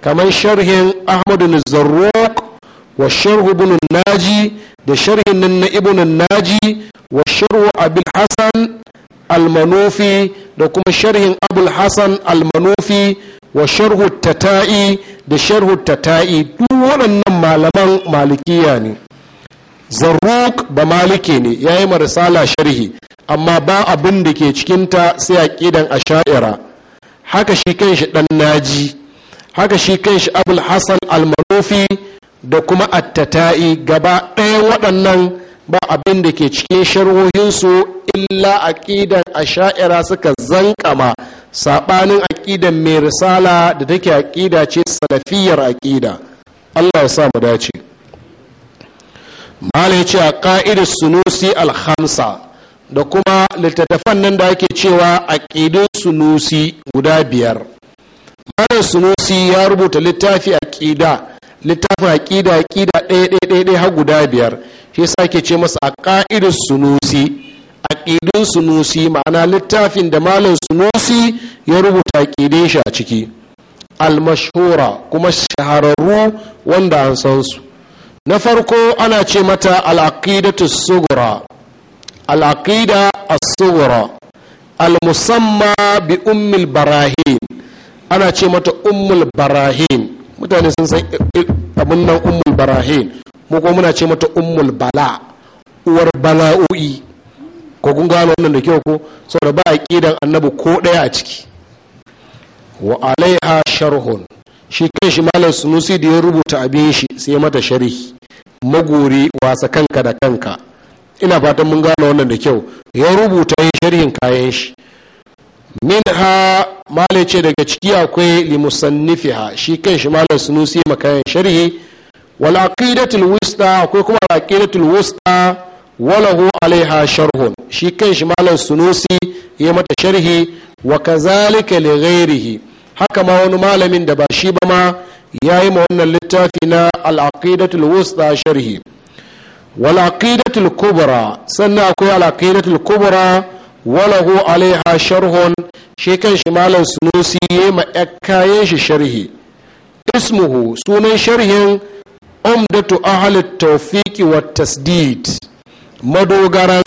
kamar sharhin ahmadu zarruq wa sharhu ibn naji da sharhin nan na ibn naji wa sharhu abul hasan almanufi da kuma sharhin abul hasan almanufi wa sharhu tata'i da sharhu tata'i duk waɗannan malaman malikiya ne zarruk ba malike ne ya yi marisala sharhi amma ba abin da ke cikinta sai a ƙidan a sha'ira haka shi kan shi ɗan naji haka shi kan shi abul hassan almanufi da kuma attata'i gaba ɗaya waɗannan ba abin da ke cikin sharhohinsu illa aƙidan asha'ira suka zankama saɓanin aƙidar mai risala da take aƙida ce salafiyar aƙida allah ya sa mu dace malai ce a ƙa'idar sunusi alhamsa da kuma littattafan nan da ake cewa aƙidun sunusi guda biyar malam sunusi ya rubuta littafi a ƙida littafin ƙida aƙida ɗaya ɗaya ɗaya har guda biyar shi yasa ke ce masa a ƙa'idar sunusi aƙidun sunusi ma'ana littafin da malam sunusi ya rubuta aƙidin shi a ciki almashura kuma shahararru wanda an san su na farko ana ce mata al'aqidatu sugura al'aqida as-sugura al-musamma bi ummil barahim ana ce mata ummul barahin mutane sun san abin nan ummul barahin mu kuma muna ce mata ummul bala uwar bala'o'i ko kun gano wannan da kyau ko saboda ba kidan annabi ko daya a ciki wa alaiha sharhun shi kanshi malam sunusi da ya rubuta abin shi sai mata sharhi magori wasa kanka da kanka ina fatan mun gano wannan da kyau ya rubuta yin sharhin kayan shi minha malai ce daga ciki akwai limusannifiha shi kan shi malam sunusi makayan sharhi wal aqidatul wusta akwai kuma aqidatul wusta walahu alaiha sharhun shi kan shi malam snusi ya mata sharhi wa kazalika li haka ma wani malamin da ba shi ba ma yayi ma wannan littafi na alakidatul wusta sharhi wal aqidatul kubra sannan akwai al'akidatul kubra walahu alaiha sharhun shi kan shi malam sunusi ya ma kayan shi sharhi ismuhu sunan sharhin umdatu ahli tawfiqi wa tasdid madogaran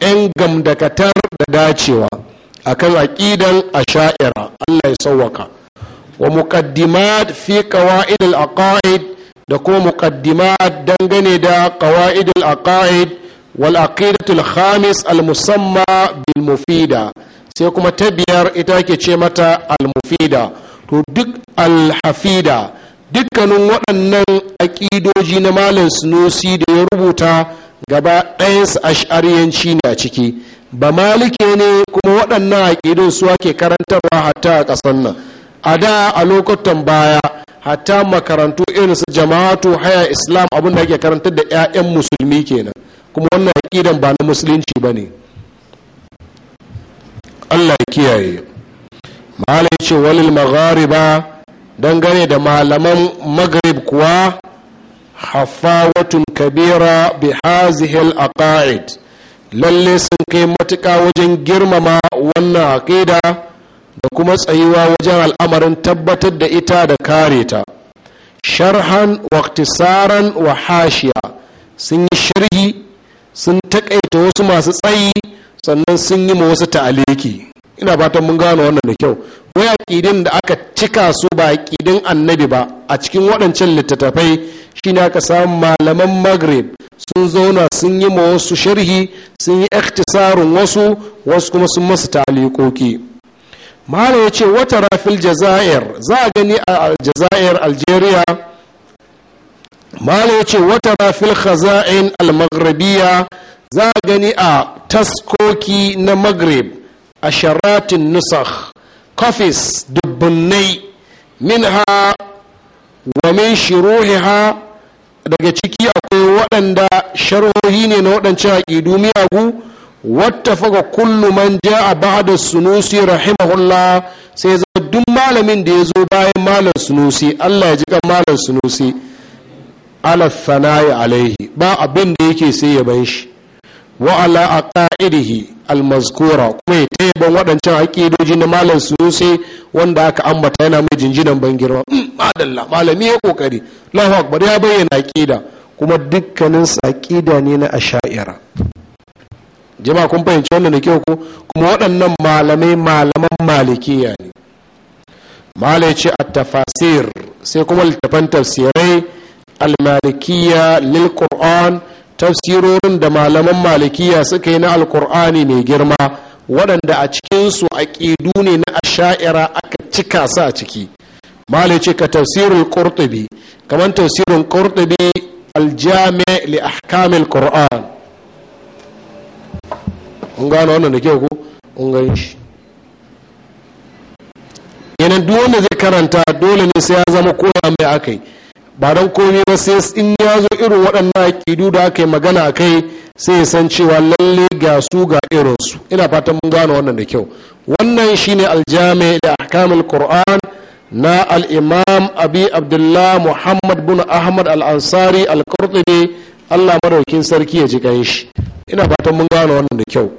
yan gamdakatar da dacewa akan aqidan asha'ira Allah ya sawwaka wa muqaddimat fi qawaid al-aqaid da kuma muqaddimat dangane da qawaid al-aqaid wal aqidatul khamis al musamma bil mufida sai kuma ta biyar ita ke ce mata al mufida to duk al hafida dukkanin waɗannan aƙidoji na malam sunusi da ya rubuta gaba ɗayansu ash'ariyanci ne a ciki ba malike ne kuma waɗannan aƙidun su ake karantarwa hatta a ƙasar nan a da a lokutan baya hatta makarantu irin su jama'atu haya islam abin da ake karantar da 'ya'yan musulmi kenan kuma wannan aƙidan ba na musulunci ba ne allah ya kiyaye malai ce walil maghariba dangane da malaman maghrib kuwa hafawatun kabira bi hazihil aqaid lalle sun kai matuka wajen girmama wannan aƙida da kuma tsayuwa wajen al'amarin tabbatar da ita da kare ta sharhan waktisaran wa hashiya sun yi sharhi sun takaita wasu masu tsayi sannan sun yi ma wasu ta'aliki ina fatan mun gano wannan da kyau wai aƙidin da aka cika su ba aƙidin annabi ba a cikin waɗancan littattafai shine aka samu malaman maghrib sun zauna sun yi ma wasu sharhi sun yi ikhtisarin wasu wasu kuma sun masu ta'alikoki malam ya ce wata rafil jazair za a gani a jazair algeria malo ce wata rafil khaza'in al-maghribiya za a gani a taskoki na maghrib a sharatin nusakh kafis dubbunai minha wa min shiruhiha daga ciki akwai waɗanda sharhohi ne na waɗancan aƙidu miyagu faga kullu man ja ba ba'da sunusi rahimahullah sai zama duk malamin da ya zo bayan malam sunusi Allah ya ji kan malam sunusi ala sanayi alaihi ba abin da yake sai ya ban shi wa ala aqaidihi almazkura kuma ya yaban waɗancan aqidoji na malam sunusi wanda aka ambata yana mai jinjinan ban girma mm, madalla malami ya kokari lahu akbar ya bayyana aqida kuma dukkanin su ne na asha'ira jima kun fahimci wannan da kyau ko kuma waɗannan malamai malaman malikiya ne malai ce a tafasir sai kuma littafan tafsirai almalikiya lil qur'an tafsirorin da malaman malikiya suka yi na alkur'ani mai girma waɗanda a cikinsu ƙidu ne na asha'ira aka cika su a ciki malai ce ka tafsirul qurtubi kamar tafsirin qurtubi aljami li ahkamil qur'an un gano wannan da kyau ko un gani shi kenan duk wanda zai karanta dole ne sai ya zama koya mai akai ba don komi ba sai in ya zo irin waɗannan aƙidu da aka yi magana a kai sai ya san cewa lalle ga su ga irinsu ina fatan mun gano wannan da kyau wannan shine aljami da ahkamul qur'an na al-imam abi abdullah muhammad bin ahmad al-ansari al-qurtubi allah madaukin sarki ya ji shi ina fatan mun gano wannan da kyau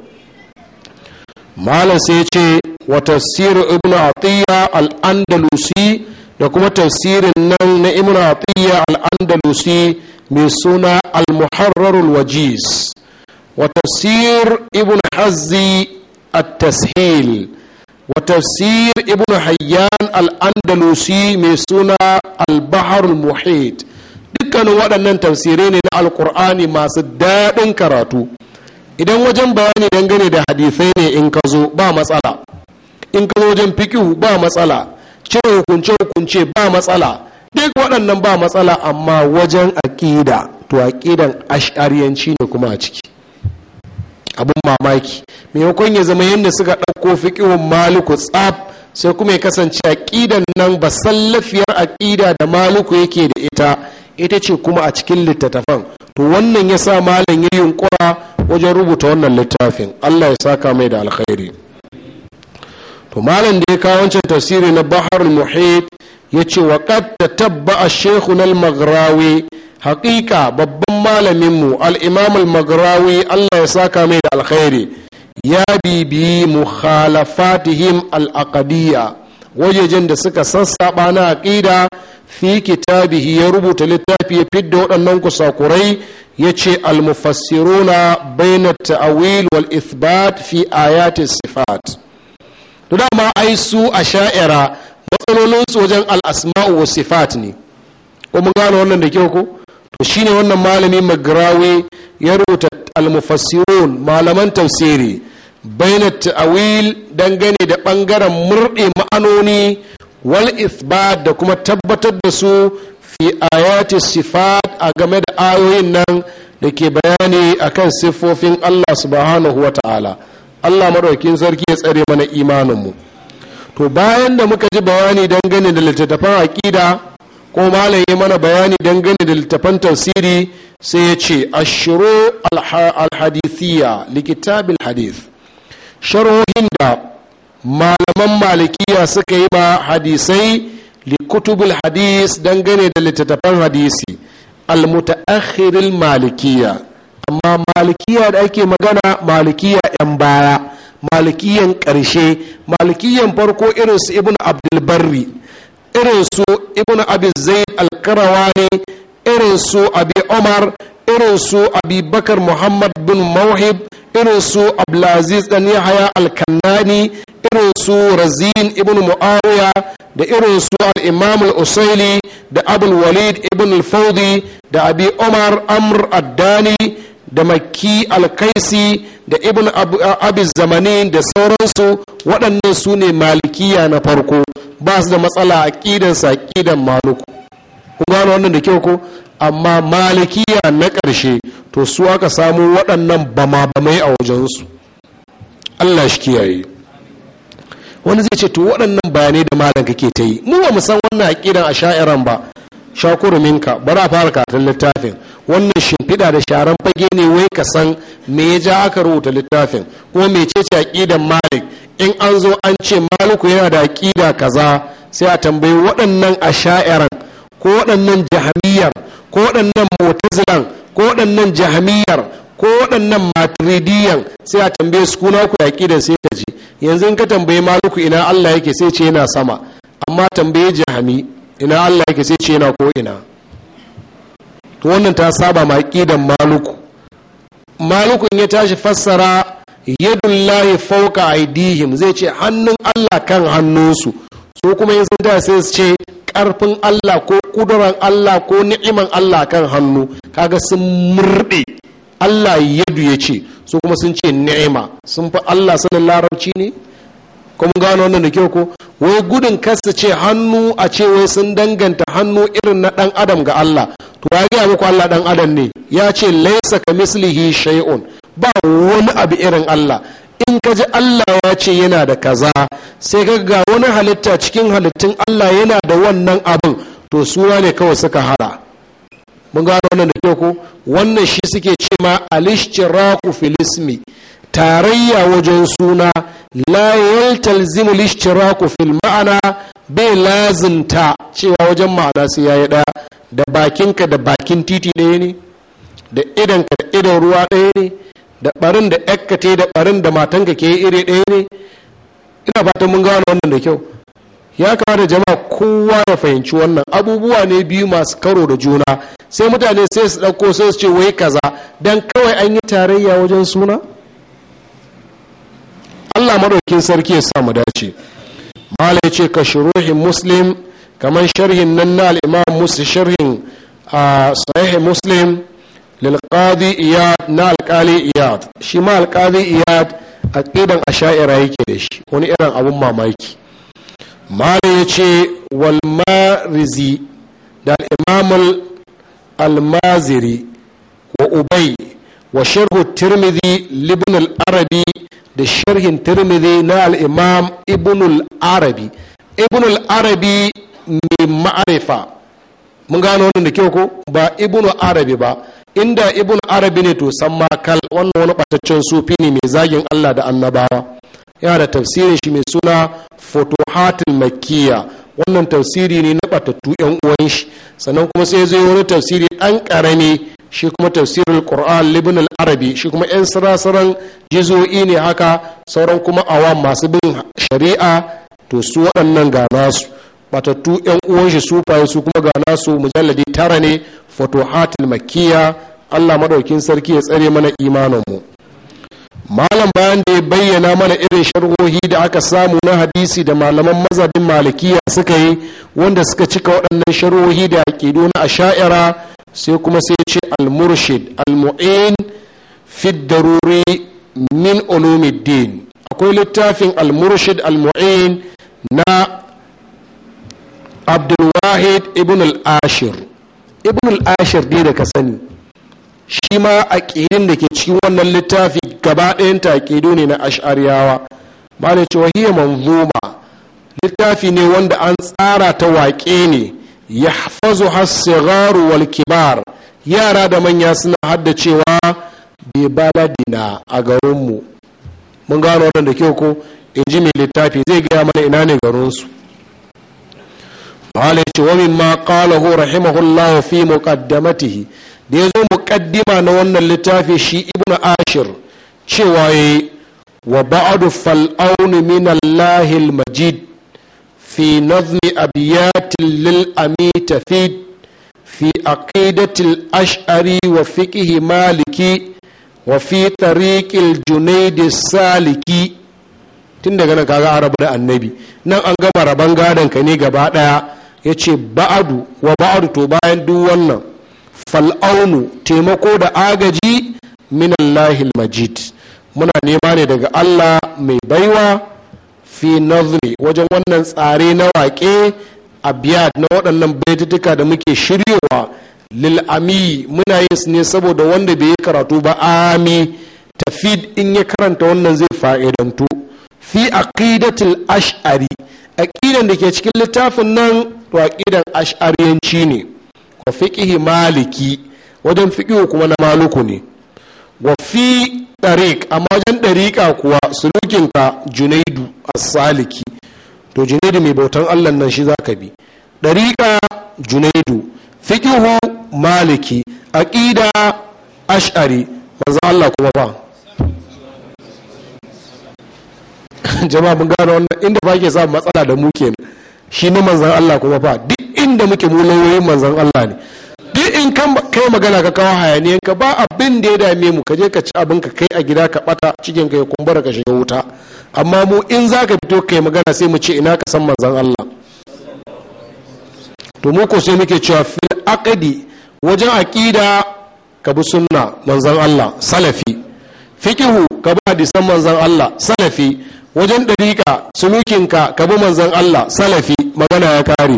malam sai ya ce wa tafsir ibnu atiya al-andalusi da kuma tafsirin nan na ibn atiyya al-andalusi mai suna al-muharrarul wajiz wa tafsir ibn hazzi at-tashil wa tafsir ibn hayyan al-andalusi mai suna al-baharul muhit dukkanin waɗannan tafsirai ne na alkur'ani masu daɗin karatu idan wajen bayani dangane da hadisai ne in ka zo ba matsala in ka zo wajen fikihu ba matsala cire hukunce-hukunce ba matsala duk waɗannan ba matsala amma wajen aƙida to aƙidan ash'ariyanci ne kuma a ciki abin mamaki maimakon ya zama yadda suka ɗauko fiƙihun maluku tsaf, sai kuma ya kasance aƙidan nan ba sallafiyar aƙida da maluku yake da ita ita ce kuma a cikin littattafan to wannan ya sa malam ya yunkura wajen rubuta wannan littafin allah ya saka mai da alkhairi to malam da ya kawo wancan tafsiri na bahar muhit ya ce wa qad tatabba a shaykh al magrawi haƙiƙa babban malaminmu al magrawi Allah ya saka mai da alkhairi ya bibi mukhalafatihim al-aqdiyya wajejen da suka sassaɓa na aƙida fi kitabihi ya rubuta littafi ya fidda waɗannan kusakurai ya ce al-mufassiruna bayna ta'awil wal ithbat fi ayati sifat to dama ai su a sha'ira matsalolinsu wajen al'asma'u wa sifat ne ko mun gano wannan da kyau ko to shine wannan malami magrawe ya rubuta al-mufassirun malaman tafsiri baina ta'awil dangane da bangaren murde ma'anoni wal ithbat da kuma tabbatar da su fi ayati sifat a game da ayoyin nan da ke bayani akan siffofin Allah subhanahu wa ta'ala Allah maɗaukin sarki ya tsare mana imaninmu to bayan da muka ji bayani dangane da littattafan aƙida ko malam mana bayani dangane da littattafan tafsiri sai ya ce ashiro alhadithiya likitabil hadith sharhohin da malaman malikiya suka yi ma hadisai likutubul hadis dangane da littattafan hadisi almutaakhiril malikiya amma malikiya da ake magana malikiya 'yan baya malikiyan ƙarshe malikiyan farko irin su ibn abdulbarri irin su ibn abi zaid ne irin su abi omar irin su abi bakar muhammad bin mawhib irin su abdulaziz dan yahaya alkannani irin su razin ibn muawiya da irin su al-imam al da abul walid ibn al-fawdi da abi omar amr addani da makki alkaisi da ibn abu zamani da sauransu waɗannan su ne malikiya na farko ba su da matsala a ƙidansa ƙidan maluku kun gano wannan da kyau ko amma malikiya na ƙarshe to su aka samu waɗannan bama-bamai a wajensu allah shi kiyaye wani zai ce to waɗannan bayanai da malam kake ta yi mu ba mu san wannan aƙidan a sha'iran ba shakuru minka bara fara katin littafin wannan shimfiɗa da sharan fage ne wai ka san me ya ja aka rubuta littafin ko me ce ce aƙidan malik in an zo an ce maliku yana da aƙida kaza sai a tambayi waɗannan asha'iran ko waɗannan jahamiyar ko waɗannan motazilan ko waɗannan jahamiyar ko waɗannan matiridiyan sai a tambaye su kuna ku aƙidan sai ka ji yanzu in ka tambayi maliku ina allah yake sai ce yana sama amma tambaye jahami ina allah yake sai ce yana ko ina to wannan ta saba ma da maluku maluku in ya tashi fassara layi fauka aidihim zai ce hannun Allah kan hannunsu su kuma yin sun sai su ce karfin Allah ko kudurar Allah ko ni'iman Allah kan hannu kaga sun murɗe Allah yadu ya ce su kuma sun ce ni'ima sun fi Allah sanin larabci ne kuma gano wannan da kyau ko wai gudun kasa ce hannu a ce wai sun danganta hannu irin na dan adam ga Allah to ya gaya muku Allah dan adam ne ya ce laisa ka mislihi shay'un ba wani abu irin Allah in ka ji Allah ya ce yana da kaza sai ka ga wani halitta cikin halittun Allah yana da wannan abin to suna ne kawai suka hada mun gano wannan da kyau ko wannan shi suke ce ma alishtiraku filismi tarayya wajen suna la yaltalzimu lishtiraku fil ma'ana bai lazimta cewa wajen ma'ana sai yayi daya da bakinka da bakin titi ɗaya ne da idanka da idan ruwa ɗaya ne da ɓarin da ƴakka te da ɓarin da matanka ke iri ɗaya ne ina fatan mun gano wannan da kyau ya kamata jama'a kowa ya fahimci wannan abubuwa ne biyu masu karo da juna sai mutane sai su ɗauko sai su ce wai kaza don kawai an yi tarayya wajen suna allah maɗaukin sarki ya sa mu dace malai ce ka shiruhin muslim kamar sharhin nan na al'imam musu sharhin a sahih muslim lilqadi iyad na alkali iyad shi ma alkali iyad a ƙidan a sha'ira yake da shi wani irin abun mamaki malam ya ce walmarizi da al'imam almaziri wa ubai wa sharhu tirmidhi libn arabi da sharhin tirmidhi na al'imam ibn arabi ibn arabi mai ma'arifa mun gano wannan da kyau ko ba ibnu arabi ba inda ibnu arabi ne to san makal wannan wani bataccen sufi ne mai zagin allah da annabawa yana da tafsirin shi mai suna fotohatul makiya wannan tafsiri ne na batattu yan uwan shi sannan kuma sai zai wani tafsiri ɗan karami shi kuma tafsirin qur'an libin arabi shi kuma yan sarasaran jizo'i ne haka sauran kuma awa masu bin shari'a to su waɗannan ga nasu fatattu yan uwan shi sufaye su kuma ga nasu mujalladi tara ne fatuhatul makkiya Allah madaukin sarki ya tsare mana imanin mu malam bayan da ya bayyana mana irin sharhohi da aka samu na hadisi da malaman mazhabin malikiya suka yi wanda suka cika waɗannan sharhohi da aƙidu na asha'ira sai kuma sai ce al-murshid al-mu'in fi daruri min ulumuddin akwai littafin al-murshid al-mu'in na abdulwahid ibn al-ashir ibn al-ashir dai da ka sani shi ma a ƙirin da ke cikin wannan littafi gaba ɗayan aƙidu ne na ash'ariyawa ba da cewa hiya manzuma littafi ne wanda an tsara ta waƙe ne ya hafazu hasigaru wal kibar yara da manya suna haddacewa bi baladina a garinmu mun gano wannan da kyau ko in ji mai littafi zai gaya mana ina ne garinsu wala ce wa mimma qalahu rahimahullah fi muqaddamatihi da yazo kaddima na wannan littafi shi ibn ashir cewa yi wa ba'adu fal'auni min allahil majid fi nazmi abiyat lil amit fi fi ash'ari wa fiqh maliki wa fi tariq junayd saliki tun daga nan kaga arabu da annabi nan an gama rabon gadon ka ne gaba daya ya ce ba'adu wa ba'adu to bayan duk wannan fal'aunu taimako da agaji allahil majid muna nema ne daga allah mai baiwa fi nazari wajen wannan tsare na waƙe a biyar na waɗannan baitutuka da muke shiryowa lil'ami muna yin su ne saboda wanda bai yi karatu ba ami tafid in ya karanta wannan zai fa'idantu fi aƙidatul ash'ari aƙidan da ke cikin littafin nan to aƙidan ash'ariyanci ne wa fiƙihi maliki wajen fiƙihu kuma na maluku ne wa fi ɗariƙ amma wajen ɗariƙa kuwa sulukinka junaidu a saliki to junaidu mai bautan allah nan shi za ka bi ɗariƙa junaidu fiƙihu maliki aƙida ash'ari maza allah kuma ba jama'a mun gano wannan inda ba ke samun matsala da mu kenan shi ne manzan Allah kuma fa duk inda muke mu lauyoyin manzan Allah ne duk in kan kai magana ka kawo hayaniyan ka ba abin da ya dame mu ka je ka ci abin ka kai a gida ka bata cikin ka ya kumbura ka shiga wuta amma mu in za ka fito kai magana sai mu ce ina ka san manzan Allah to mu ko sai muke cewa fil aqdi wajen aqida ka bi sunna manzan Allah salafi fikihu ka bi hadisan manzan Allah salafi wajen ɗariƙa sulukinka ka bi manzan Allah salafi magana ya kare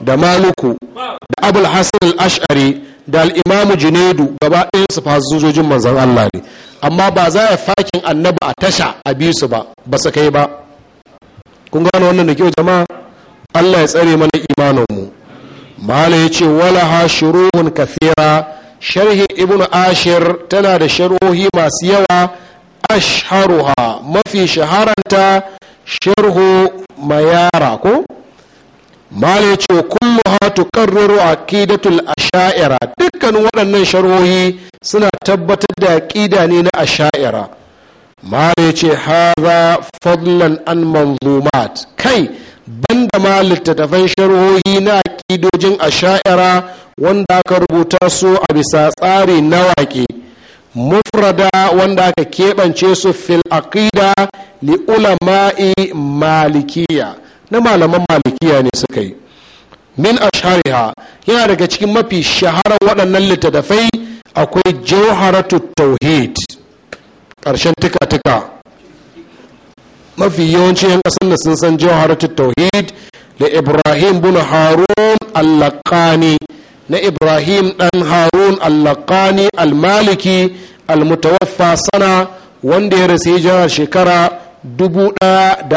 da maluku da abul hasan al-ash'ari da al-imamu junaidu gaba ɗayan su fasojojin manzan Allah ne amma ba za ya fakin annabi a tasha a bi su ba ba su kai ba kun gano wannan da kyau jama'a Allah ya tsare mana imanin mu mala ya ce wala ha shuruhun kathira sharhi ibnu ashir tana da sharhohi masu yawa ashharuha mafi shaharanta sharhu mayara ko male ce kulluha tuqarriru aqidatul asha'ira dukkan waɗannan sharhohi suna tabbatar da aqida ne na asha'ira male ce hadha fadlan an manzumat kai banda ma littattafan sharhohi na aqidojin asha'ira wanda aka rubuta su a bisa tsari na waƙe mufrada wanda aka keɓance su fil aqida li ulama'i malikiya na malaman malikiya ne suka yi min ashariha yana daga cikin mafi shaharar waɗannan littattafai akwai jauharatu tauhid ƙarshen tuka-tuka mafi yawanci 'yan ƙasar da sun san jauharatu tauhid da ibrahim bin harun allakani na ibrahim Dan harun allakani almaliki almutawaffa sana wanda ya rasu jihar shekara dubu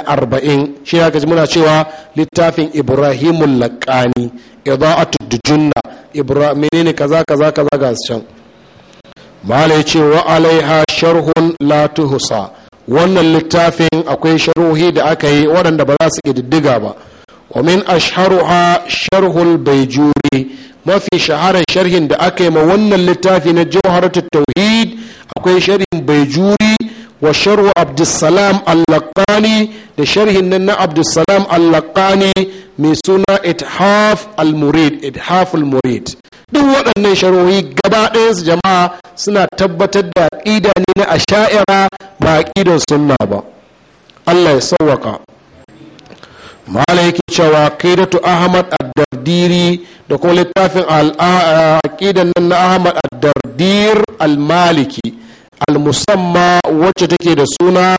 arba'in shi ya muna cewa littafin ibrahimul laƙani idha'atu dujunna ibrahim menene kaza kaza kaza ga can mala ya ce wa alaiha sharhun la wannan littafin akwai sharuhi da aka yi waɗanda ba za su ƙididdiga ba wa min ashharuha sharhul baijuri mafi shaharar sharhin da aka yi ma wannan littafi na jawharatu tauhid akwai sharhin baijuri wa sharhu abdussalam allaqani da sharhin nan na abdussalam allaqani mai suna ithaf al-murid ithaf al-murid duk waɗannan sharhohi gaba ɗayansu jama'a suna tabbatar da aƙida ne na asha'ira ba a aƙidan sunna ba Allah ya sauwaka mala yake cewa kaidatu ahmad ad da kuma littafin aqidan nan na ahmad ad-dardir al-maliki al-musamma wacce take da suna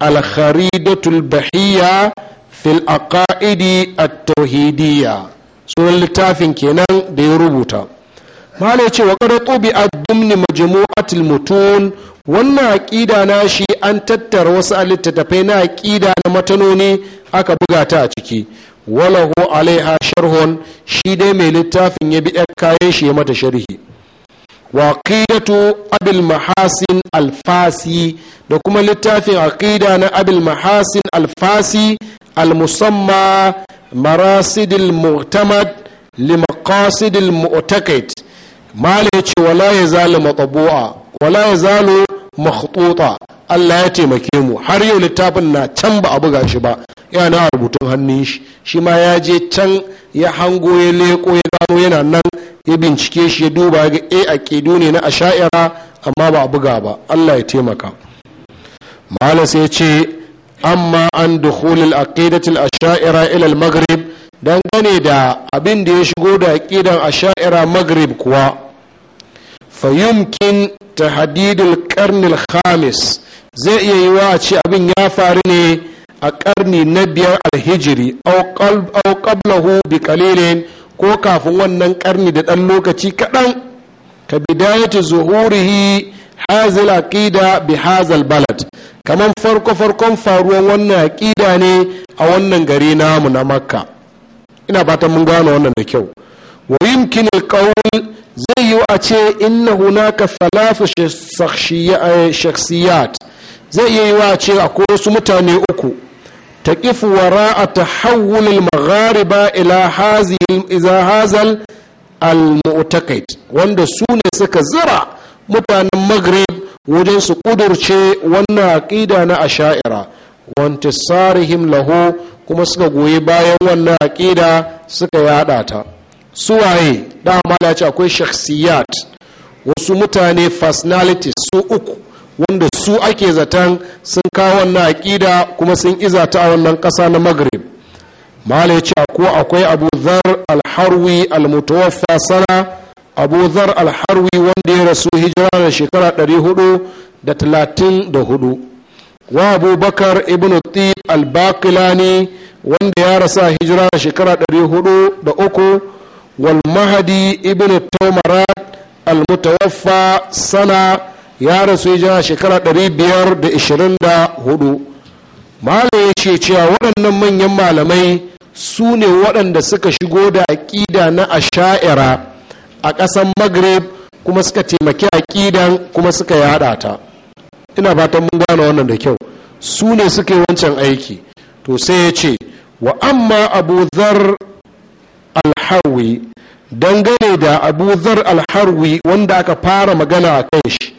al-kharidatul bahiyya fil aqaidi at-tauhidiyya sunan littafin kenan da ya rubuta malai ce wa qad a dumni a mutun wannan aƙida na shi an tattara wasu alittattafai na aƙida na matanoni aka buga ta a ciki walahu alaiha sharhun shi dai mai littafin ya bi ɗan kayan shi ya mata sharhi wa aqidatu abil mahasin alfasi da kuma littafin aqida na abil mahasin alfasi almusamma marasidil mu'tamad limakasidil mala ya ce wala ya zalu matabu'a wala ya zalu makhtuta Allah ya taimake mu har yau littafin na can ba a buga shi ba yana rubutun hannun shi shi ma ya je can ya hango ya leko ya gano yana nan ya bincike shi ya duba ga eh, a ne na asha'ira amma ba a buga ba Allah ya taimaka mala sai ya ce amma an dukhulil aqidatil asha'ira ila al-maghrib dangane da abin da ya shigo da aqidan asha'ira maghrib kuwa fayumkin ta hadidul karnil khamis zai iya yi wa ce abin ya faru ne a karni na biyar alhijiri au qablahu bi qalilin ko kafin wannan karni da ɗan lokaci kaɗan ka bidayatu zuhurihi hazil aqida bi hazal balad kamar farko farkon faruwan wannan aqida ne a wannan gari namu na makka ina fatan mun gano wannan da kyau wa yumkin alqawl zai yi a ce inna hunaka salafu shaksiyat eh, zai yi wa ce akwai wasu mutane uku ta kifu wara a tahawulil ba ila hazal al wanda su ne suka zira mutanen maghrib wajen su kudurce wannan aƙida na asha'ira wanta sarihim laho kuma suka goyi bayan wannan aƙida suka yada ta suwaye dama ya ce akwai shakhsiyat wasu mutane personality su uku wanda su ake zaton sun kawo wannan aƙida kuma sun iza ta a wannan ƙasa na maghrib mala ya ce ko akwai abu zar alharwi almutawaffa sana abu zar alharwi wanda ya rasu hijira na shekara 434 wa abu bakar ibn tib albakilani wanda ya rasa hijira na shekara 403 walmahadi mahadi ibn taumarat almutawaffa sana ya rasu ya hijira shekara biyar 524 malam ya ce cewa waɗannan manyan malamai su ne waɗanda suka shigo da aƙida na asha'ira a ƙasar maghrib kuma suka taimaki aƙidan kuma suka yaɗa ina fatan mun gane wannan da kyau su ne suka yi wancan aiki to sai ya ce wa amma abu alharwi dangane da abu zar alharwi wanda aka fara magana a kan shi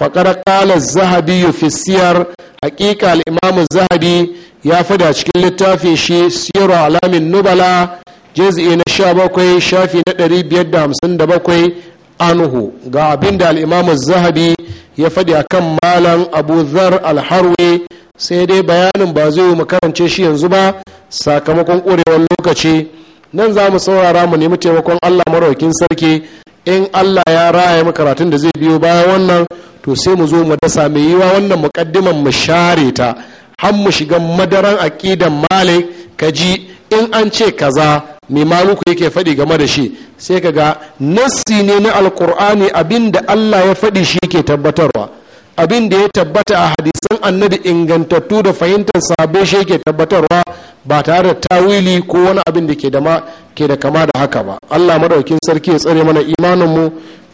faƙar ƙala zahabi fi siyar haƙiƙa al'imamu zahabi ya fada cikin littafin shi siyar alamin nubala jiz'i na sha bakwai shafi na ɗari biyar da hamsin da bakwai anhu ga abin da al'imamu zahabi ya faɗi a kan malam abu zar alharwi sai dai bayanin ba zai mu karance shi yanzu ba sakamakon ƙurewar lokaci nan za mu saurara mu nemi taimakon allah maraukin sarki in allah ya raya mu karatun da zai biyo bayan wannan to sai mu zo mu dasa mai yiwa wannan muƙaddiman mu share ta har mu shiga madaran aƙidan malik kaji in an ce kaza mai maluku yake faɗi game da shi sai ka ga nassi ne na alkur'ani abinda allah ya faɗi shi ke tabbatarwa abin da ya tabbata a hadisan annabi ingantattu da fahimtar sabe shi ke tabbatarwa ba tare da tawili ko wani abin da ke da ke da kama da haka ba Allah madaukin sarki ya tsare mana imanin mu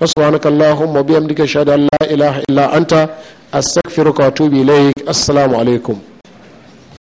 subhanaka allahumma bihamdika shada la ilaha illa anta astaghfiruka wa atubu ilaik assalamu alaikum